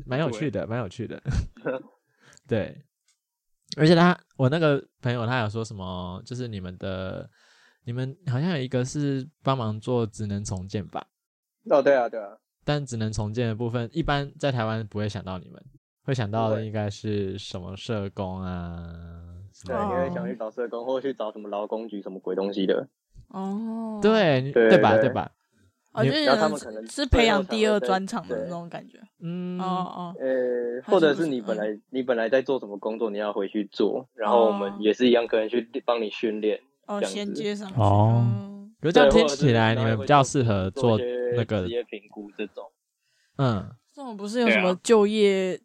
蠻有趣的，蠻有趣的。對，而且他，我那個朋友，他有說什麼？就是你們的，你們好像有一個是幫忙做職能重建吧？哦，對啊，對啊。但只能重建的部分，一般在台灣不會想到你們，會想到的應該是什麼社工啊？對，你會想去找社工，或者去找什麼勞工局什麼鬼東西的。哦、oh.，對，對吧？對吧？我、oh, 覺得是他們可能是培養第二專長的那種感覺。嗯，哦哦。呃，或者是你本來你本來在做什麼工作，你要回去做，然後我們也是一樣，可能去幫你訓練，哦、oh.，銜、oh, 接上去。Oh. 比如這樣聽起來，你們比較適合做那個職業評估這種。嗯，這種不是有什麼就業，啊、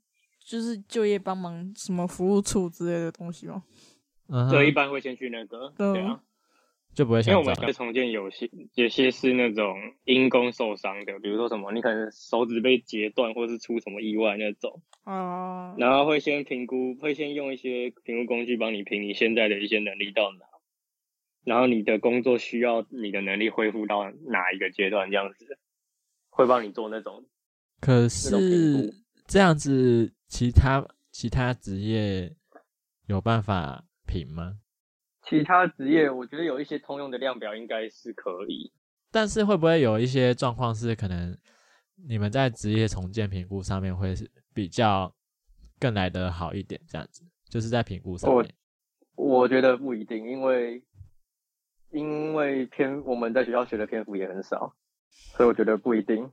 就是就業幫忙什麼服務處之類的東西嗎？對，一般會先去那個。對，對啊，就不會因為我們在重建有些有些是那種因工受傷的，比如說什麼你可能手指被截斷，或是出什麼意外那種。啊、嗯。然後會先評估，會先用一些評估工具幫你評你現在的一些能力到哪。然後你的工作需要你的能力恢復到哪一個階段？這樣子會幫你做那種，可是這樣子其他其他職業有辦法評嗎？其他職業我覺得有一些通用的量表應該是可以，但是會不會有一些狀況是可能你們在職業重建評估上面會是比較更來得好一點？這樣子就是在評估上面我，我覺得不一定，因為。因為篇我們在學校學的篇幅也很少，所以我覺得不一定。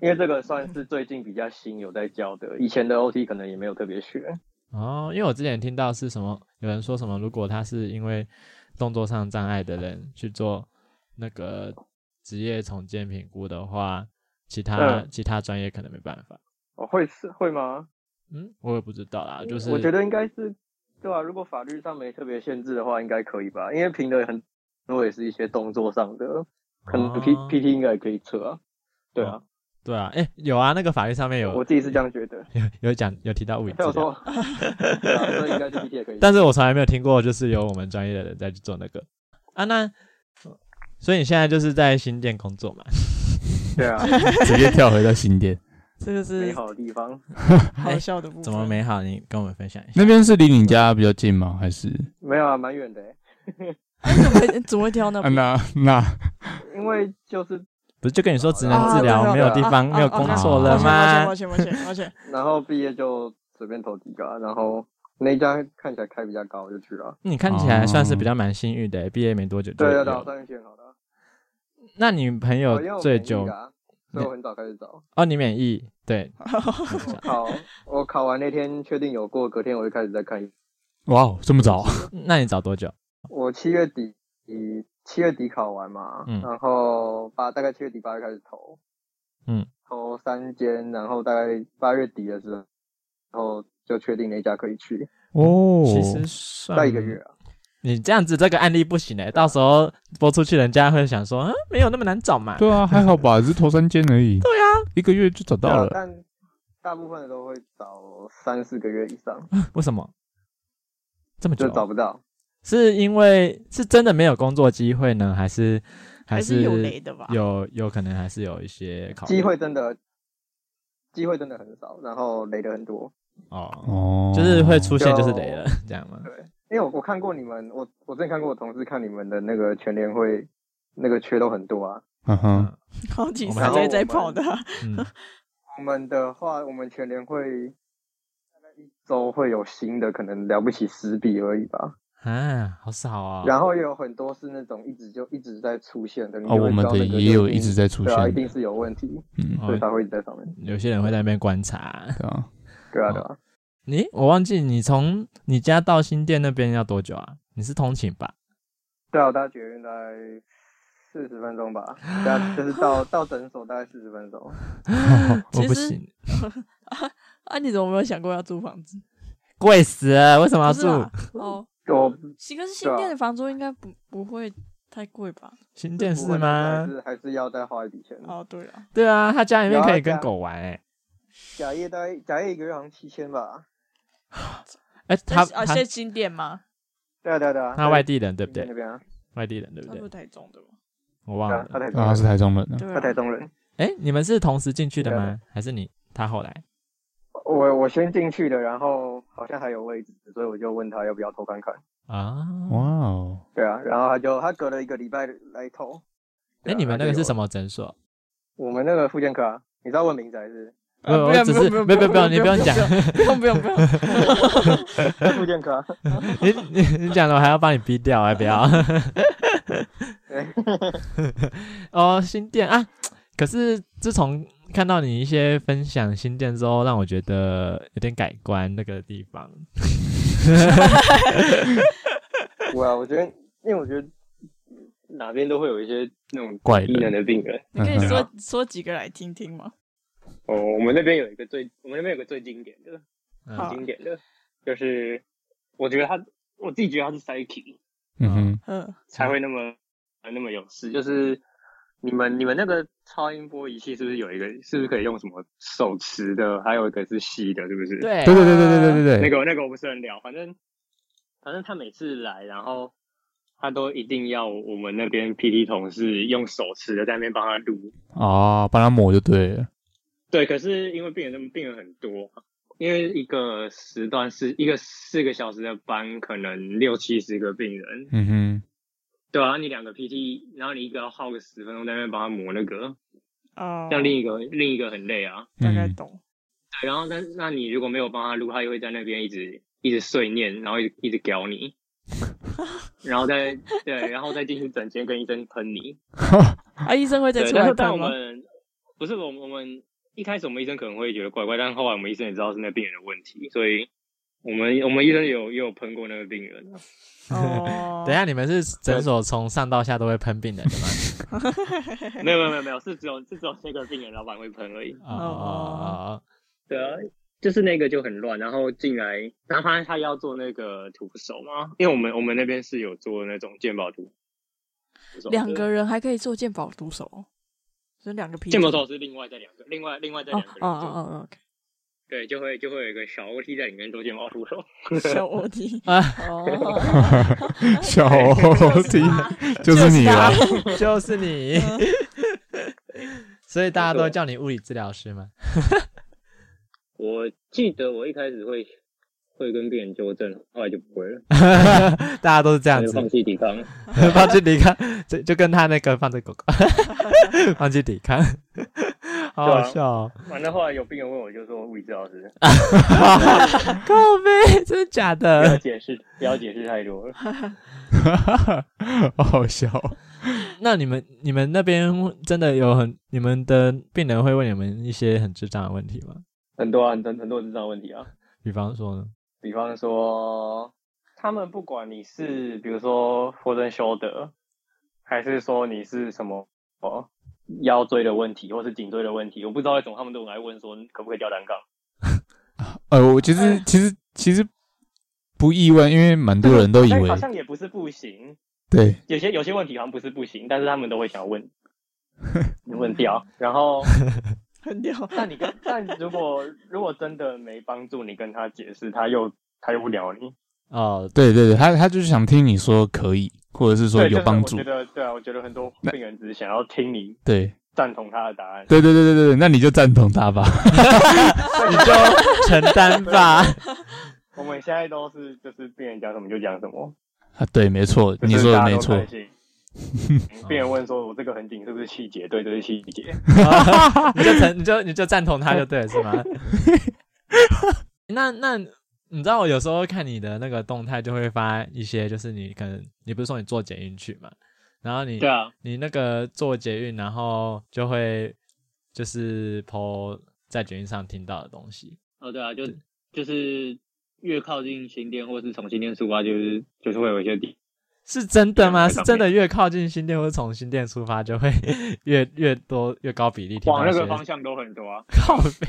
因為這個算是最近比較新有在教的，以前的 OT 可能也沒有特別學。哦，因為我之前聽到是什麼，有人說什麼，如果他是因為動作上障礙的人去做那個職業重建評估的話，其他、嗯、其他專業可能沒辦法。哦，會是會嗎？嗯，我也不知道啦。就是我覺得應該是對吧、啊？如果法律上沒特別限制的話，應該可以吧？因為評的也很。那我也是一些動作上的，可能 PPT、oh. 應該也可以測啊。對啊，對啊，哎、啊欸，有啊，那個法律上面有，我自己是這樣覺得，有講有，有提到物理。太、 啊、應該 PT 也可以。但是我從來沒有聽過，就是有我們專業的人在去做那個啊。那所以你現在就是在新店工作嘛？對啊， 直接跳回到新店， 這個、就是美好的地方， 欸、好笑的。怎麼美好？你跟我們分享一下。那邊是離你家比較近嗎？還是沒有啊，蠻遠的、欸。 怎 麼怎麼會挑呢？麼跳那那因為就是不是就跟你說職能治療、啊啊，沒有地方，啊、沒有工作了、啊、嗎？抱歉抱歉抱歉抱歉。然後畢業就隨便投幾個，然後那家看起來開比較高，就去了。你看起來算是比較蠻幸運的、欸，畢業沒多久。對啊，對啊，我早就選好了。那你朋友最久、啊，所以我很早開始找。哦，你免疫對？好 我，我考完那天確定有過，隔天我就開始在看。哇、wow,，這麼早？ 那你找多久？我七月底，七月底考完嘛，嗯、然後八大概七月底八月開始投，嗯，投三間，然後大概八月底的時候，然後就確定哪家可以去哦、嗯，其實才一個月啊，你這樣子這個案例不行誒、欸、到時候播出去，人家會想說，嗯、啊，沒有那麼難找嘛，對啊， 還好吧，只是投三間而已，對啊，一個月就找到了，啊、但大部分都會找三四個月以上，為什麼這麼久就找不到？是因為是真的沒有工作機會呢，還是還是，還是有雷的吧？有有可能還是有一些機會，真的機會真的很少，然後雷的很多哦。哦、oh, oh，就是會出現就是雷了這樣嗎？對，因為我我看過你們，我我之前看過我同事看你們的那個全聯會那個缺都很多啊，好幾場在在跑的。 我們的話，我們全聯會 大概一周會有新的，可能了不起十筆而已吧。啊，好少啊、哦！然後也有很多是那種一直就一直在出現的。哦，我們的也有一直在出現，啊，一定是有問題，嗯，所以他會一直在上面，哦。有些人會在那邊觀察，對啊，哦、對，啊對啊，你我忘記你從你家到新店那邊要多久啊？你是通勤吧？對啊，搭捷運大概四十分鐘吧，對 啊，就是到到診所大概四十分鐘。 我不行 啊！你怎麼沒有想過要租房子？貴死！為什麼要住？ 啊、哦。哦，幾個是新店的房租應該不不會太貴吧？新店是嗎？還是要再花一筆錢？哦，對啊，對啊，他家裡面可以跟狗玩誒、欸。甲夜大，甲夜一個月好像七千吧。哎、欸，他，他啊，現在新店嗎？對啊，對啊，對啊，他外地人對不對？那邊啊，外地人對不對？他不是台中的嗎？我忘了，啊他台中哦、他是台中人、啊，對、啊，是台中人。哎、欸，你們是同時進去的嗎？啊、還是你他後來？我我先進去的，然後好像還有位置，所以我就問他要不要偷看看。啊，哇、wow、哦！對啊，然後他就他隔了一個禮拜來偷。哎、啊欸，你們那個是什麼診所？我們那個復健科啊，你知道問名字還是？不、啊啊啊啊，我只是,、啊我只是沒有沒有，沒有，沒有，沒有，你不用講，不，用， 不用，不用，復健科。你你你講了，我還要幫你逼掉，哎，不要。 哦，新店啊，可是自從。看到你一些分享，新店之後，讓我覺得有點改觀那個地方 。哇、 啊，我覺得，因為我覺得哪邊都會有一些那種怪異的病人。你可以說、嗯、說幾個來聽聽嗎？哦，我們那邊有一個最，我們那邊有個最經典的、很、嗯、經典的，就是我覺得他，我自己覺得他是 psychic，嗯哼，嗯，才會那麼、嗯、那麼有事，就是。你們你們那個超音波儀器是不是有一個？是不是可以用什麼手持的？還有一個是吸的，是不是？對對對對對對對對。那個那個我不是很了，反正反正他每次來，然後他都一定要我們那邊 PT 同事用手持的在那邊幫他錄啊，幫他抹就對了。對，可是因為病人他們病人很多，因為一個時段是一個四個小時的班，可能六七十個病人。嗯哼。對啊，你兩個 PT，然後你一個要耗個十分鐘在那邊幫他磨那個，哦、uh,。像另一個另一個很累啊，大概懂。然後但那你如果沒有幫他擼，他又會在那邊一直一直碎念，然後一直、一直咬你， 然後再對，然後再進去診間跟醫生噴你。 啊，醫生會在出？但，是但我們不是我們我們一開始我們醫生可能會覺得怪怪，但是後來我們醫生也知道是那病人的問題，所以我們我們醫生也有也有噴過那個病人。 哦， 等下你們是診所從上到下都會噴病人的嗎？對 沒，沒有沒有沒有沒有，是只有是只有這個病人老闆會噴而已。哦、oh,，對啊，就是那個就很亂。然後進來，然後他他要做那個徒手嗎？ 因為我們我們那邊是有做那種健保徒。兩個人還可以做健保徒手，所以兩個品健保手是另外這兩個，另外另外這兩個人。啊、oh, 啊、oh, oh, okay. 對，就會就會有一個小 OT 在裡面做睫毛出手。小 OT 啊， 小 OT 就是你就是，就是你。 所以大家都叫你物理治療師嗎？ 我記得我一開始會會跟病人糾正，後來就不會了。 大家都是這樣子，放棄抵抗， 放棄抵抗，就就跟他那個放在狗狗， 放棄抵抗。 好，好笑哦！完了，啊，反正後來有病人問我，就說：“物理治療師， 那你 靠背，真的假的？”不要解釋，不要解釋太多， 好，好笑哦。 那你們，你們那邊真的有很、你們的病人會問你們一些很智障的問題嗎？很多啊，很很多智障的問題啊，比方說呢，呢比方說，他們不管你是，比如說 Frozen Shoulder 還是說你是什麼哦？腰椎的問題，或是頸椎的問題，我不知道為什麼他們都來問說可不可以吊單槓。 呃，我其實其實其實不意外，因為蠻多人都以為好像也不是不行。對，有些有些問題好像不是不行，但是他們都會想要問問掉，然後很掉。那你跟但如果如果真的沒幫助，你跟他解釋，他又他又不鳥你。哦、oh,，對對對，他他就是想聽你說可以，或者是說有幫助。就是、我覺得對啊，我覺得很多病人只是想要聽你對贊同他的答案。對對對對對，那你就贊同他吧， 你就承擔吧。 我們現在都是就是病人講什麼就講什麼啊，對，沒錯，你說的沒錯。 病人問說：“我這個很緊，是不是細節？”對，這、就是細節。 你就成你就你就贊同他就對了是嗎？那 那。那你知道我有時候看你的那個動態，就會發一些，就是你可能你不是說你坐捷運去嘛，然後你對啊，你那個坐捷運，然後就會就是 Po 在捷運上聽到的東西。哦，對啊，就是就是越靠近新店或是從新店出發，就是就是會有一些。是真的嗎？是真的，越靠近新店，或者從新店出發，就會越越多，越高比例。往那個方向都很多、啊，靠北，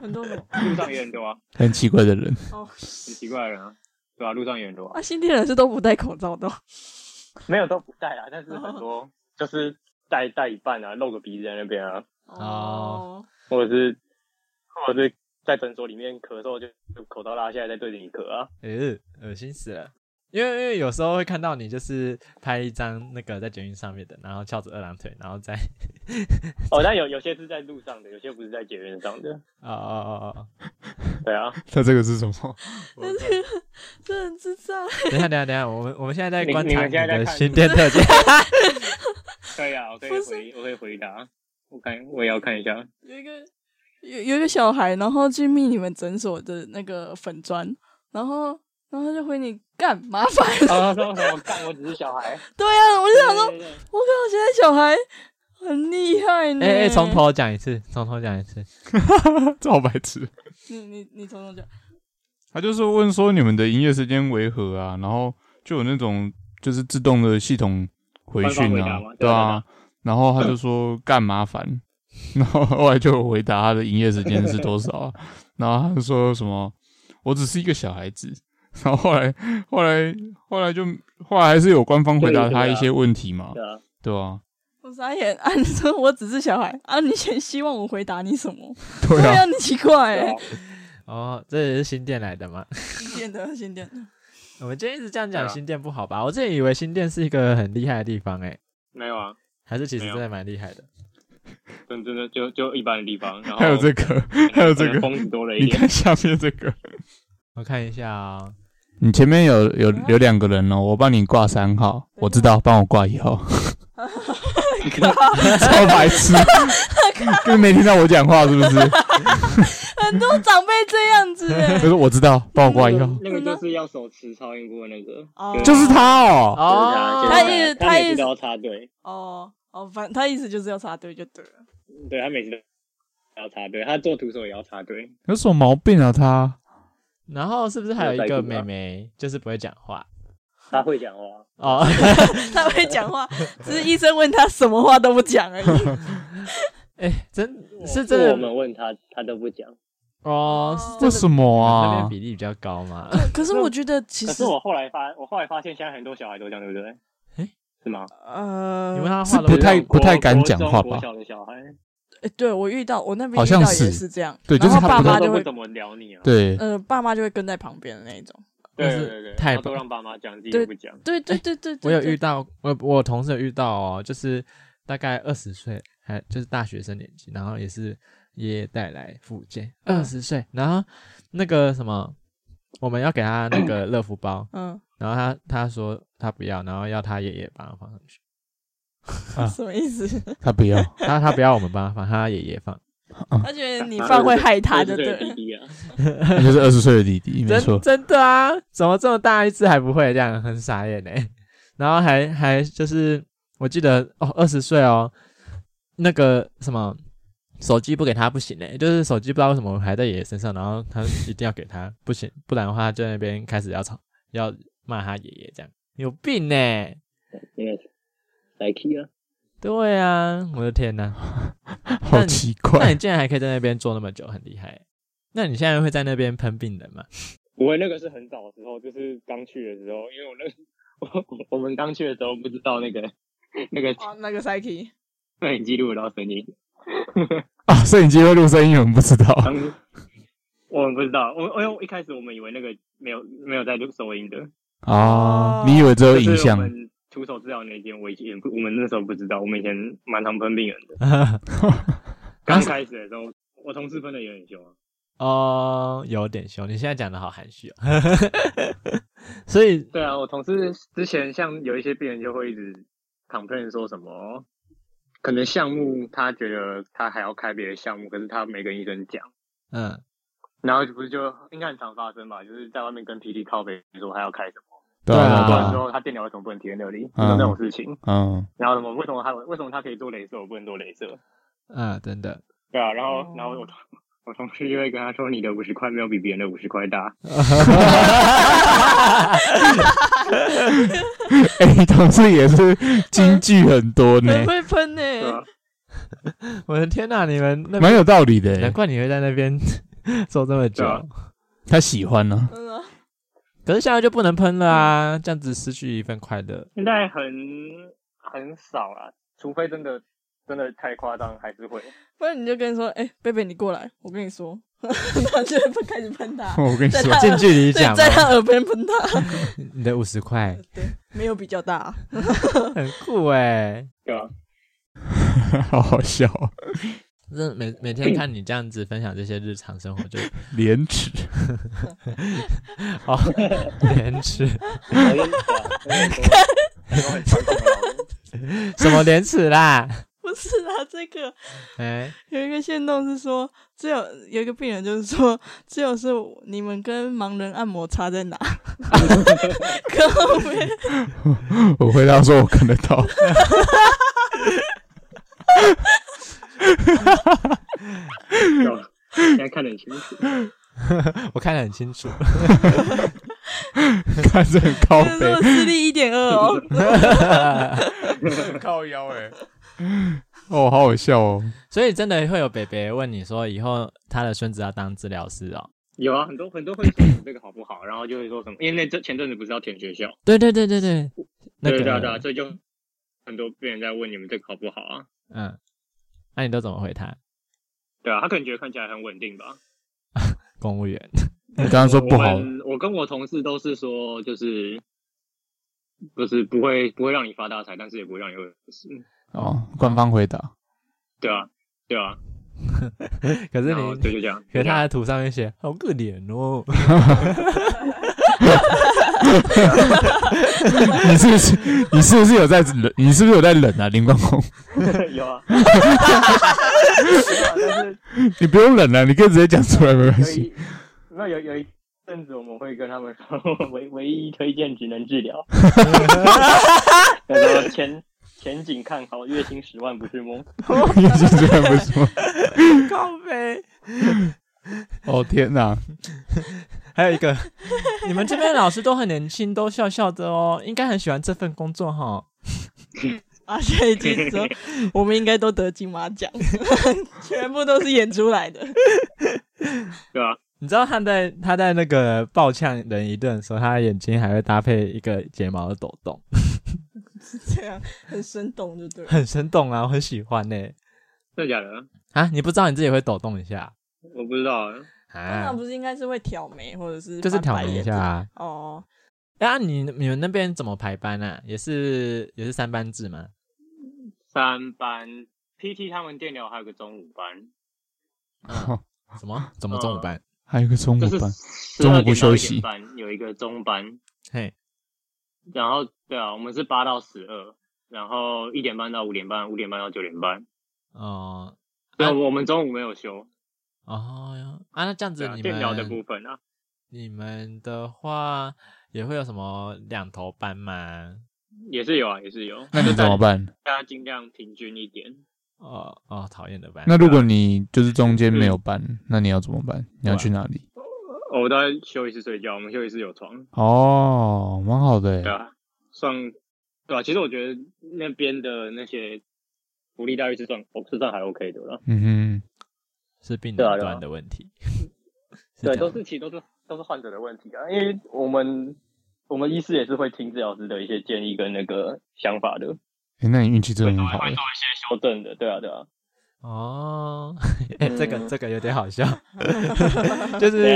很多路路上也很多啊，很奇怪的人，哦、oh.，很奇怪的人啊，對吧、啊？路上也很多啊,啊。新店人是都不戴口罩的？ 沒有都不戴啊，但是很多、oh. 就是戴戴一半啊，露個鼻子在那邊啊，哦、oh.，或者是或者是在診所裡面咳嗽，就口罩拉下來再對着你咳啊，誒、欸、噁心死了。因為因為有時候會看到你就是拍一張那個在捷運上面的，然後翹着二郎腿，然後在哦， 但有有些是在路上的，有些不是在捷運上的。啊啊啊啊！對啊，他 這個是什麼？這 是知 這很智刺障。等一下等一下等一下，我們我們現在在觀察你的新店特寫。在在 對啊，我可以回，我可以回答，我看我也要看一下。有一個有有一個小孩，然後去密你們診所的那個粉專，然後。然後他就回你幹麻煩，啊，什麼什麼幹，我只是小孩。 對啊，我就想說，我、欸、靠，現在小孩很厲害。誒、欸、從頭講一次，從頭講一次， 這好白痴。你你你從頭講。他就是問說你們的營業時間為何啊？然後就有那種就是自動的系統回訊啊，啊，對啊。然後他就說幹麻煩，然後後來就回答他的營業時間是多少啊？ 然後他說什麼，我只是一個小孩子。然後後來，後來，後來就後來還是有官方回答他一些問題嘛。對、對啊，對啊。我傻眼啊，你說我只是小孩啊，你先希望我回答你什麼？對啊，哎、你奇怪哎、欸啊。哦，這也是新店來的嗎？新店的，新店的。我今天一直這樣講新店不好吧？我之前以為新店是一個很厲害的地方哎、欸。沒有啊，還是其實真的蠻厲害的。真的就就一般的地方然後。還有這個，還有這個，你看下面這個， 我看一下啊、哦。你前面有有有兩個人哦、喔，我幫你掛三號，我知道，幫我掛一號。你看，超白痴，你沒沒聽到我講話，是不是？ 很多長輩這樣子、欸。 可是，我知道，幫我掛一號。那個就是要手持超音波那個、oh.，就是他哦、喔，就是、他,、oh. 他意思。他一他每次都要插隊。哦哦，反正他意思就是要插隊就對了。對，他每次都要插隊，他做徒手也要插隊，有什麼毛病啊他？然後是不是還有一個妹妹，就是不會講話？她會講話哦， 她會講話， 只是醫生問她什麼話都不講哎、欸，哎， 真是真的，哦、我們問她她都不講哦，為什麼啊？那邊比例比較高嘛、呃。可是我覺得其實可是我後來發，我後來發現現在很多小孩都講對不對？是嗎？呃，你問他話不是不太不太敢講話吧？國國小的小孩。誒，對我遇到我那邊好像是是這樣，是對、就是他，然後爸媽就會怎麼聊你啊？對，呃，爸媽就會跟在旁邊的那一種。對對對，對對，他不讓爸媽講，自己不講對。對對對對，對，對，對、哎。我有遇到，我我同事有遇到哦，就是大概二十歲，還就是大學生年紀，然後也是爺爺帶來復健。二、嗯、十歲，然後那個什麼，我們要給他那個樂福包，嗯，然後他他說他不要，然後要他爺爺幫他放上去。什麼意思？啊，他不要，他他不要我們幫他放，他爺爺放，他爺爺放。他覺得你放會害他的，對，弟弟啊， 他就是二十歲的弟弟，沒錯，真的啊，怎麼這麼大一次還不會這樣，很傻眼呢。然後還還就是我記得哦，二十歲哦，那個什麼手機不給他不行呢，就是手機不知道為什麼還在爺爺身上，然後他一定要給他， 不行，不然的話就在那邊開始要吵，要罵他爺爺這樣，有病呢，因為 k 對啊，我的天哪， 好奇怪，那你竟然還可以在那邊坐那麼久，很厲害。那你現在會在那邊噴病人嗎？我那個是很早的時候，就是剛去的時候，因為我那個、我我們剛去的時候不知道那個那個、啊、那個 s k i 攝影機錄不到聲音 啊，攝影機會錄聲音，我們不知道。我們不知道，我因、哎、一開始我們以為那個沒有沒有在錄收音的啊、哦嗯，你以為只有影像。就是徒手治療那天，我以前我們那時候不知道，我們以前蠻常噴病人的。剛 開始的時候，啊，我同事噴的有點凶。哦，有點凶。你現在講的好含蓄哦。 所以，對啊，我同事之前像有一些病人就會一直 complain 說什麼，可能項目他覺得他還要開別的項目，可是他沒跟醫生講。嗯。然後就不是就應該很常發生吧，就是在外面跟 PT 靠北說還要開什麼。對啊，不然說他電腦為什麼不能停在那裡？有那種事情。嗯，然後什麼？為什麼他為什麼他可以做雷射，我不能做雷射？啊，真的。對啊，然後然後我我同事就會跟他說：“你的五十塊沒有比別人的五十塊大。 欸”哈哈哈哈哈哈哈哈哈哈哈哈！哎，同事也是金句很多呢，會噴呢、欸。我 的 天哪、啊，你們蠻有道理的、欸，難怪你會在那邊 做這麼久。他喜歡呢、啊。 可是現在就不能噴了啊！嗯、這樣子失去一份快樂。現在很很少啊，除非真的真的太誇張，還是會。不然你就跟人說：“哎、欸，貝貝，你過來，我跟你說。呵呵”他現在不開始噴他，我跟你說，近距離講，在他耳邊噴他。 你的五十塊，對，沒有比較大、啊， 很酷哎、欸。對、啊、 好好笑、喔。每每天看你這樣子分享這些日常生活就、嗯、 廉恥，好廉恥恥笑， 什麼廉恥啦？不是啊，這個哎，okay. 有一個限動是說，只有有一個病人就是說，只有是你們跟盲人按摩差在哪？ 可面我，沒笑我回答說，我看得到。 哈哈哈哈現在看得很清楚。 我看得很清楚，看着很高。視力一點二哦。哈哈哈哈哈！靠腰哎、欸。 哦，好好笑哦。所以真的會有北北問你說，以後他的孫子要當治療師哦。有啊，很多很多會問你這個好不好， 然後就會說什麼，因為那這前陣子不是要填學校？對對對對對。那個、對啊對對、啊，這就很多病人在問你們這個好不好啊？嗯。那、啊、你都怎麼回他？對啊，他可能覺得看起來很穩定吧。 公務員， 你剛剛說不好我，我跟我同事都是說、就是，就是不是不會不會讓你發大財，但是也不會讓你餓死。哦，官方回答。對啊，對啊。 可是你，就，就這樣，可是他在圖上面寫好可憐哦。 你是不是你是不是有在冷？你是不是有在冷啊，林光宏？ 有啊， 有啊。你不用冷了、啊，你可以直接講出來，沒關係。那有有一陣子我們會跟他們說， 唯唯一推薦職能治療。 前前景看好，月薪十萬不是夢。月薪十萬不是夢，高飛。哦天哪、啊！ 還有一個，你們這邊老師都很年輕，都笑笑的哦，應該很喜歡這份工作哈、哦。而且記得，說 我們應該都得金馬獎， 全部都是演出來的。對啊，你知道他在他在那個爆嗆人一頓的時候，他的眼睛還會搭配一個睫毛的抖動， 是這樣很生動，就對，很生動啊，我很喜歡呢、欸。這樣的？啊，你不知道你自己會抖動一下？我不知道啊。啊、通常不是，應該是會挑眉，或者是就是挑一下、啊、哦。哎啊，你你們那邊怎麼排班啊？也是也是三班制嗎？三班 PT 他們電療還有個中午班。哦、嗯，什麼？怎麼中午班？嗯、還有個中午班、就是、班？中午不休息？班有一個中午班。嘿，然後對啊，我們是八到十二，然後一點半到五點半，五點半到九點半。哦、嗯，對，我們中午沒有休。哦喲啊，那這樣子你們，的部分啊、你們的話也會有什麼兩頭班嗎？也是有啊，也是有。那你怎麼辦？ 大家儘量平均一點。哦哦，討厭的班。那如果你就是中間沒有班，啊那就是，那你要怎麼辦？你要去哪裡？啊、我大概休息室睡覺，我們休息室有床。哦，蠻好的，對啊，算，對啊其實我覺得那邊的那些福利待遇是算，我是算還 OK 的了。嗯哼。是病人端的問題。對啊，對啊。 是，對，都是其實都是都是患者的問題啊，因為我們我們醫師也是會聽治療師的一些建議跟那個想法的。哎、欸，那你運氣真的很好，會做一些修正的，對啊，對啊。哦，欸、這個、嗯、這個有點好笑， 就是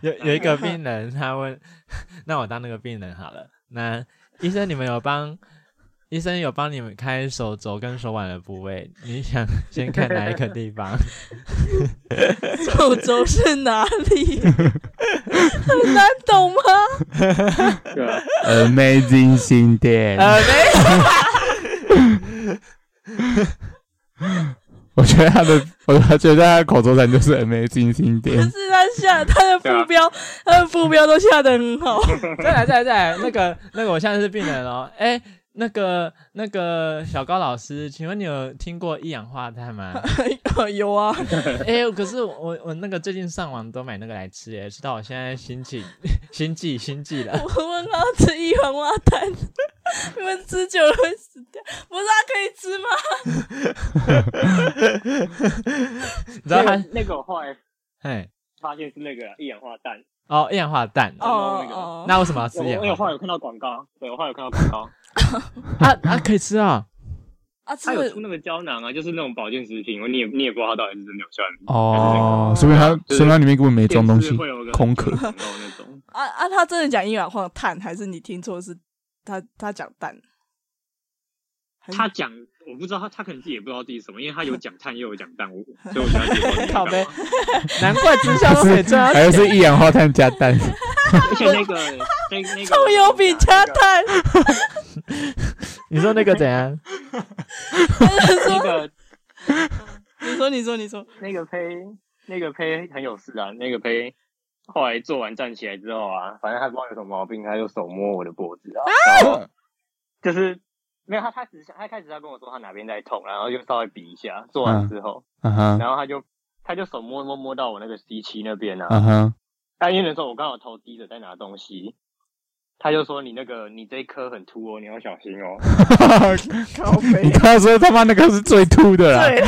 有有一個病人，他問， 那我當那個病人好了，那醫生你們有幫？醫生有幫你們開手肘跟手腕的部位，你想先看哪一個地方？手 肘是哪裡？ 很難懂嗎？Amazing 新店。我覺得他的，我覺得他的口頭禪就是 Amazing 新店，不是他下他的副標，他的副標、啊、標都下得很好。再來，再來，再來，那個，那個，我現在是病人哦，哎、欸。那個那個小高老師，請問你有聽過一氧化碳嗎？ 有啊，哎、欸，可是我我那個最近上網都買那個來吃，誒吃到我現在心情心悸心悸了。我問他要吃一氧化碳， 你們吃久了會死掉，不是？他可以吃嗎？ 你知道嗎？那個後來哎發現是那個一氧化氮哦，oh, 一氧化氮哦，那個 oh, oh. 那為什麼要吃？我有後來有看到廣告，對，我後來有看到廣告。 啊 啊，可以吃啊！啊，是是他有出那個膠囊啊，就是那種保健食品。我你也你也不知道他到底還是真的有效？哦、那個嗯，所以他，嗯、所以它、就是、裡面根本沒裝東西，空殼。啊 啊，他真的講一氧化碳，還是你聽錯？是他他講蛋，他講。我不知道他，他可能自己也不知道自己什麼，因為他有講碳又有講氮，我所以我想解剖你。好唄， 難怪真下是最重還是一氧化碳加氮， 而且那個那，那個蔥油餅加碳。那個、 你說那個怎樣？那個，你說你說你說，你說 那個胚那個胚很有事啊，那個胚後來做完站起來之後啊，反正他不知道有什麼毛病，他就手摸我的脖子、啊啊，然後就是。沒有，他他只是他開始在跟我說他哪邊在痛，然後就稍微比一下，做完之後，uh -huh. 然後他就他就手摸摸摸到我那個 C7 那邊了、啊。他、uh -huh. 但因為那個時候我剛好頭低着在拿東西，他就說，你那個你這一顆很凸哦，你要小心哦。 你他說他媽那個是最凸的啦。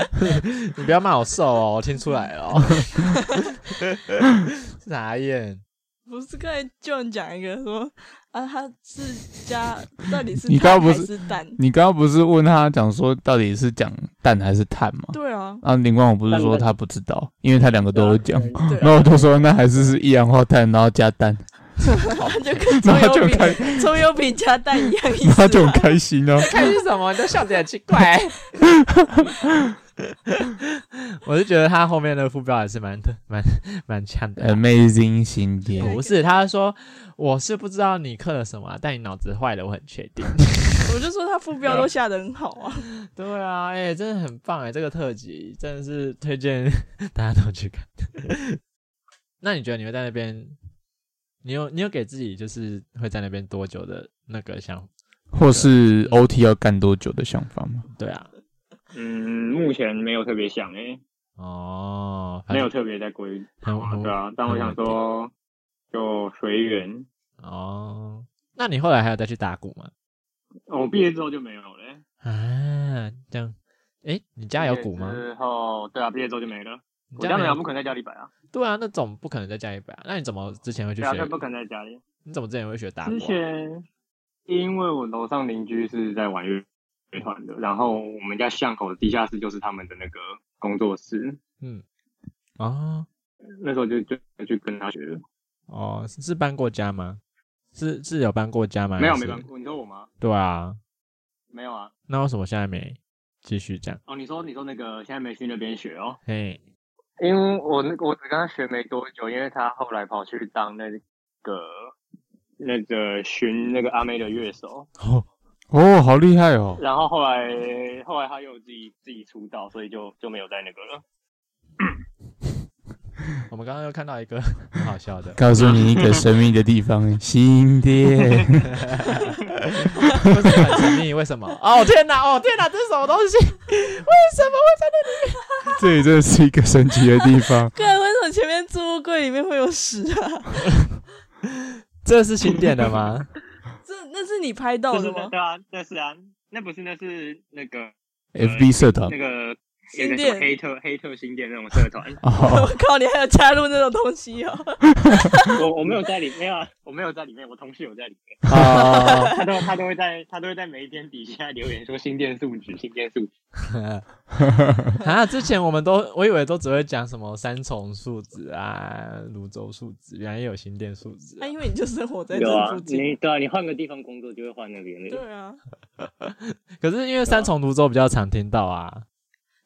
你不要罵我瘦哦，我聽出來了、哦。傻 眼。不是剛才就講一個說啊，他是加到底是你剛剛不是，你剛剛不是問他講說到底是講蛋還是碳嗎？對啊，後、啊、林光我不是說他不知道，因為他兩個都會講，那、啊啊啊、我就說那還是是一氧化碳，然後加蛋，然 他就開蔥油餅蔥油餅加蛋一樣一樣， 他就很開心哦、啊。 啊、 開心什、啊、麼？都笑起來奇怪。 我是覺得他後面的副標還是蠻特、蠻蠻強的、啊。Amazing 新店不是？他說我是不知道你刻了什麼、啊，但你腦子壞了，我很確定。 我就說他副標都下的很好啊， 啊。對啊，哎、欸，真的很棒哎、欸，這個特輯真的是推薦大家都去看。 那你覺得你會在那邊？你有你有給自己就是會在那邊多久的那個想、那個或是 OT 要幹多久的想法嗎？對啊。嗯，目前沒有特別想誒。哦，沒有特別在規很、哦、對啊很。但我想說，就隨緣。哦，那你後來還有再去打鼓嗎？哦、我畢業之後就沒有了、欸。啊，這樣。誒、欸，你家有鼓嗎？之後，對啊，畢業之後就沒了。你家沒有，我家沒有，不可能在家裡擺啊。對啊，那種不可能在家裡擺。那你怎麼之前會去學？啊、不可能在家裡。你怎麼之前會學打鼓、啊？之前，因為我樓上鄰居是在玩樂樂團的，然後我們家巷口的地下室就是他們的那個工作室。嗯，啊、哦，那時候就就去跟他學。哦，是搬過家嗎？是是有搬過家嗎？沒有沒搬過，你說我嗎？對啊，沒有啊。那為什麼現在沒繼續講？哦，你說你說那個現在沒去那邊學哦？嘿、hey，因為我、那個、我只跟他學沒多久，因為他後來跑去當那個那個巡那個阿妹的樂手。哦、oh,，好厲害哦！然後後來，後來他又有自己自己出道，所以就就沒有在那個了。 我們剛剛又看到一個很好笑的，告訴你一個神秘的地方—— 新店。都 是很神秘。為什麼？ 哦天哪！哦天哪！這是什麼東西？ 為什麼會在那裡？ 這裡真的是一個神奇的地方。各 為什麼前面置物櫃裡面會有屎啊？ 這是新店的嗎？ 那是你拍到的嗎？就是、對啊，那是啊，那不是那是那個 FB 社團那個。呃新店黑特黑特新店那種社團，oh. 我靠，你還要加入那種東西哦、啊！ 我我沒有在裡，面啊，我沒有在裡面，我同事有在裡面。Oh. 他都他都會在，他都會在每一天底下留言說新店素質，新店素質啊！之前我們都我以為都只會講什麼三重素質啊、瀘州素質。原來也有新店素質。那、啊、因為你就是活在這素質。對啊，你換、啊、個地方工作就會換那邊、那個、對啊。 可是因為三重瀘州比較常聽到啊。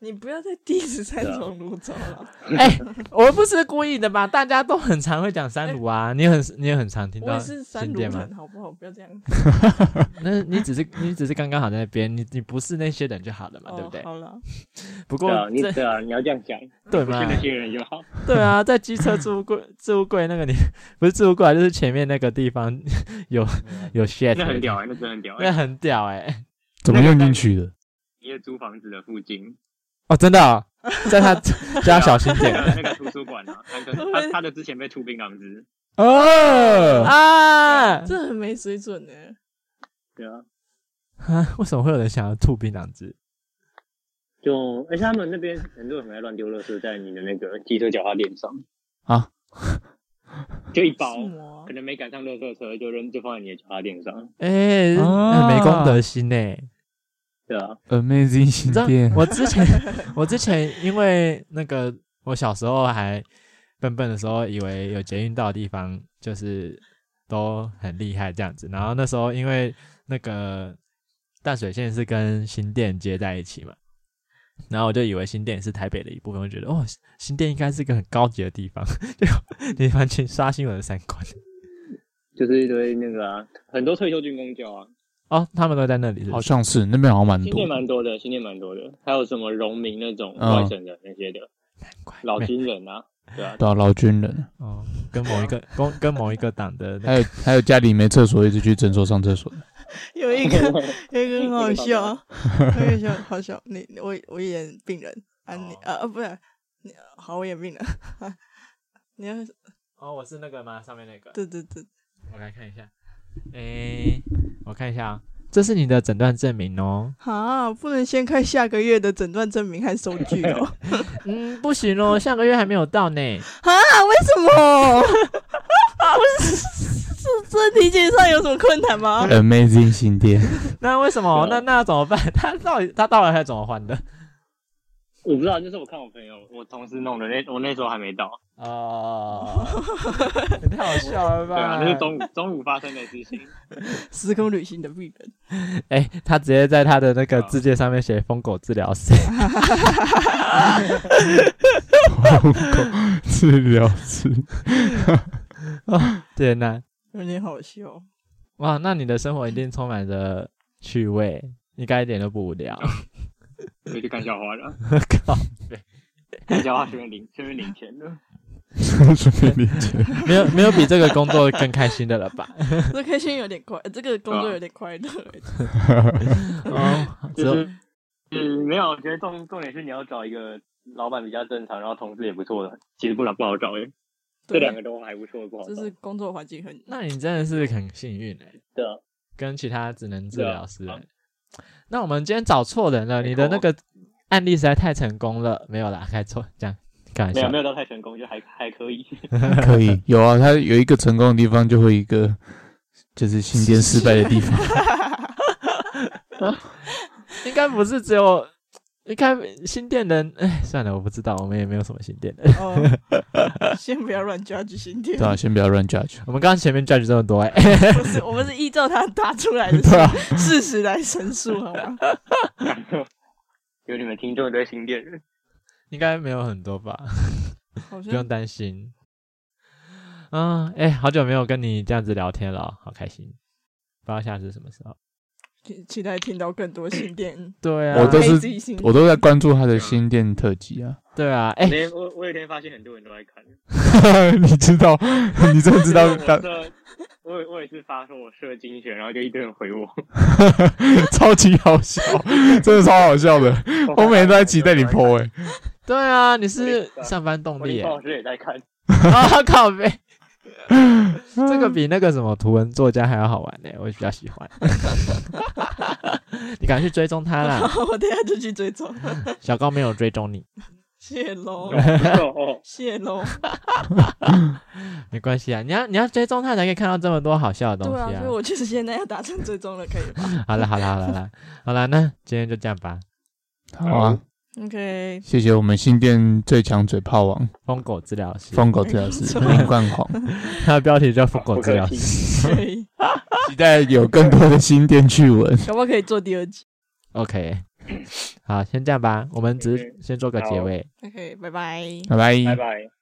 你不要再第一次三重路走了。哎、欸， 我不是故意的吧？大家都很常會講三五啊、欸，你很你也很常聽到。你是三樓嗎好不好？不要這樣。 那你只是你只是剛剛好在那邊，你你不是那些人就好了嘛，哦、對不對？好了。不過對、哦你，對啊，你要這樣講，對嗎？那些人就好。對啊，在機車置物櫃置物 櫃，櫃那個你，你不是置物櫃，就是前面那個地方有、嗯、有 shit。那很屌、欸，那真的很屌、欸，那很屌哎、欸欸！怎麼用進去的？因為租房子的附近。哦，真的啊、哦，在他，家 小心點、啊 那個。那個圖書館啊， 他他的之前被吐檳榔汁。哦啊,啊，這很沒水準欸。對啊。啊？為什麼會有人想要吐檳榔汁？就而且他們那邊很多人還亂丟垃圾在你的那個機車腳踏墊上。啊？ 就一包，可能沒趕上垃圾車，就扔就放在你的腳踏墊上。哎、欸，啊、很沒公德心欸。對啊，Amazing 新店。我之前， 我之前因為那個我小時候還笨笨的時候，以為有捷運到的地方就是都很厲害這樣子。然後那時候因為那個淡水線是跟新店接在一起嘛，然後我就以為新店是台北的一部分，我覺得哦，新店應該是一個很高級的地方。就你完全刷新我的三觀，就是一堆那個啊，很多退休軍公教啊。.哦，他們都在那裡是是，好像是那邊好像蠻多，蠻多的，新店蠻多、多的，還有什麼榮民那種外省的、嗯、那些的，難怪老軍人啊，對啊，對啊老軍人，哦、嗯，跟某一個跟 跟某一個黨的，還有還有家裡沒廁所，一直去診所上廁所有一個有一個很好笑有一個好，很 好笑，好笑，你我我演病人啊你啊不是，你好我演病人，啊、哦你哦我是那個嗎？上面那個，對對對，我來看一下，哎、欸。我看一下，這是你的診斷證明哦。好、啊，不能先開下個月的診斷證明和收據哦。 嗯，不行哦，下個月還沒有到呢。 啊？為什麼？ 啊？不是，是體檢上有什麼困難嗎？Amazing 新店！那為什麼？那那怎麼辦？他到他到了還是怎麼換的？我不知道，就是我看我朋友，我同事弄的。那我那時候還沒到。Oh, 啊，太好、啊、笑了吧！那是中午 中午發生的事情， 時空旅行的病人。哎、欸，他直接在他的那個字界上面寫“瘋 狗治自療師， 自師、 喔”對。瘋狗治療師，啊，簡單，有點好笑。哇，那你的生活一定充滿着趣味，應該一點都不無聊。我 所以就看笑話了。 靠，對，看笑話順便領不是領錢的。什 麼沒沒有沒有比這個工作更開心的了吧？這 開心有點快，這個工作有點快樂。哦、 oh, oh, 就是，嗯，沒有，我覺得重重點是你要找一個老闆比較正常，然後同事也不錯的。其實不然不好找哎，這兩個都還不錯，不好找。就是工作環境很， 那你真的是很幸運哎。的、yeah.，跟其他職能治療師、yeah. 那我們今天找錯人了，yeah. 你的那個案例實在太成功了，yeah. 沒有啦，開錯這樣。沒有、啊、沒有到太成功，就還還可以。 可以有啊，他有一個成功的地方，就會一個就是新店失敗的地方。啊 啊、應該不是只有你看新店人，哎，算了，我不知道，我們也沒有什麼新店人、哦。先不要亂 judge 新店、 啊。先不要亂 judge。我們剛剛前面 judge 這麼多，哎、 不是我們是依照他打出來的事、啊、事實來申訴好嗎？有 你們聽眾對新店人。應該沒有很多吧， 不用擔心。嗯，哎、欸，好久沒有跟你這樣子聊天了、哦，好開心。不知道下次什麼時候？期待聽到更多新店。對啊，我都是，我都，是我都在關注他的新店特輯啊。 對啊，哎、欸，我有我，我有一天發現很多人都在看， 你知道，你真的知道？ 我是我有一次發說我設精選，然後就一堆人回我， 超級好笑， 真的超好笑的。我每天都在期待你 po、欸，哎，對啊，你是上班動力老、欸、師也，也，也在看， oh, 靠啊靠，北， 這個比那個什麼圖文作家還要好玩呢、欸，我比較喜歡。 你趕快去追蹤他啦， 我等下就去追蹤。 小高沒有追蹤你。謝龍， 謝龍囉， 沒關係啊！你要你要追蹤他，才可以看到這麼多好笑的東西啊！所以、啊、我就是現在要達成追蹤了，可以嗎？ 好了，好了，好了，好了，好，那今天就這樣吧。好啊，OK。謝謝我們新店最強嘴炮王瘋狗治療師，瘋狗治療師，冠宏， 他的標題叫瘋狗治療師。啊、 可以 期待有更多的新店趣聞，可 不可以做第二集？OK。 好，先這樣吧。我們只是、okay. 先做個結尾。OK，拜拜。拜拜。拜拜。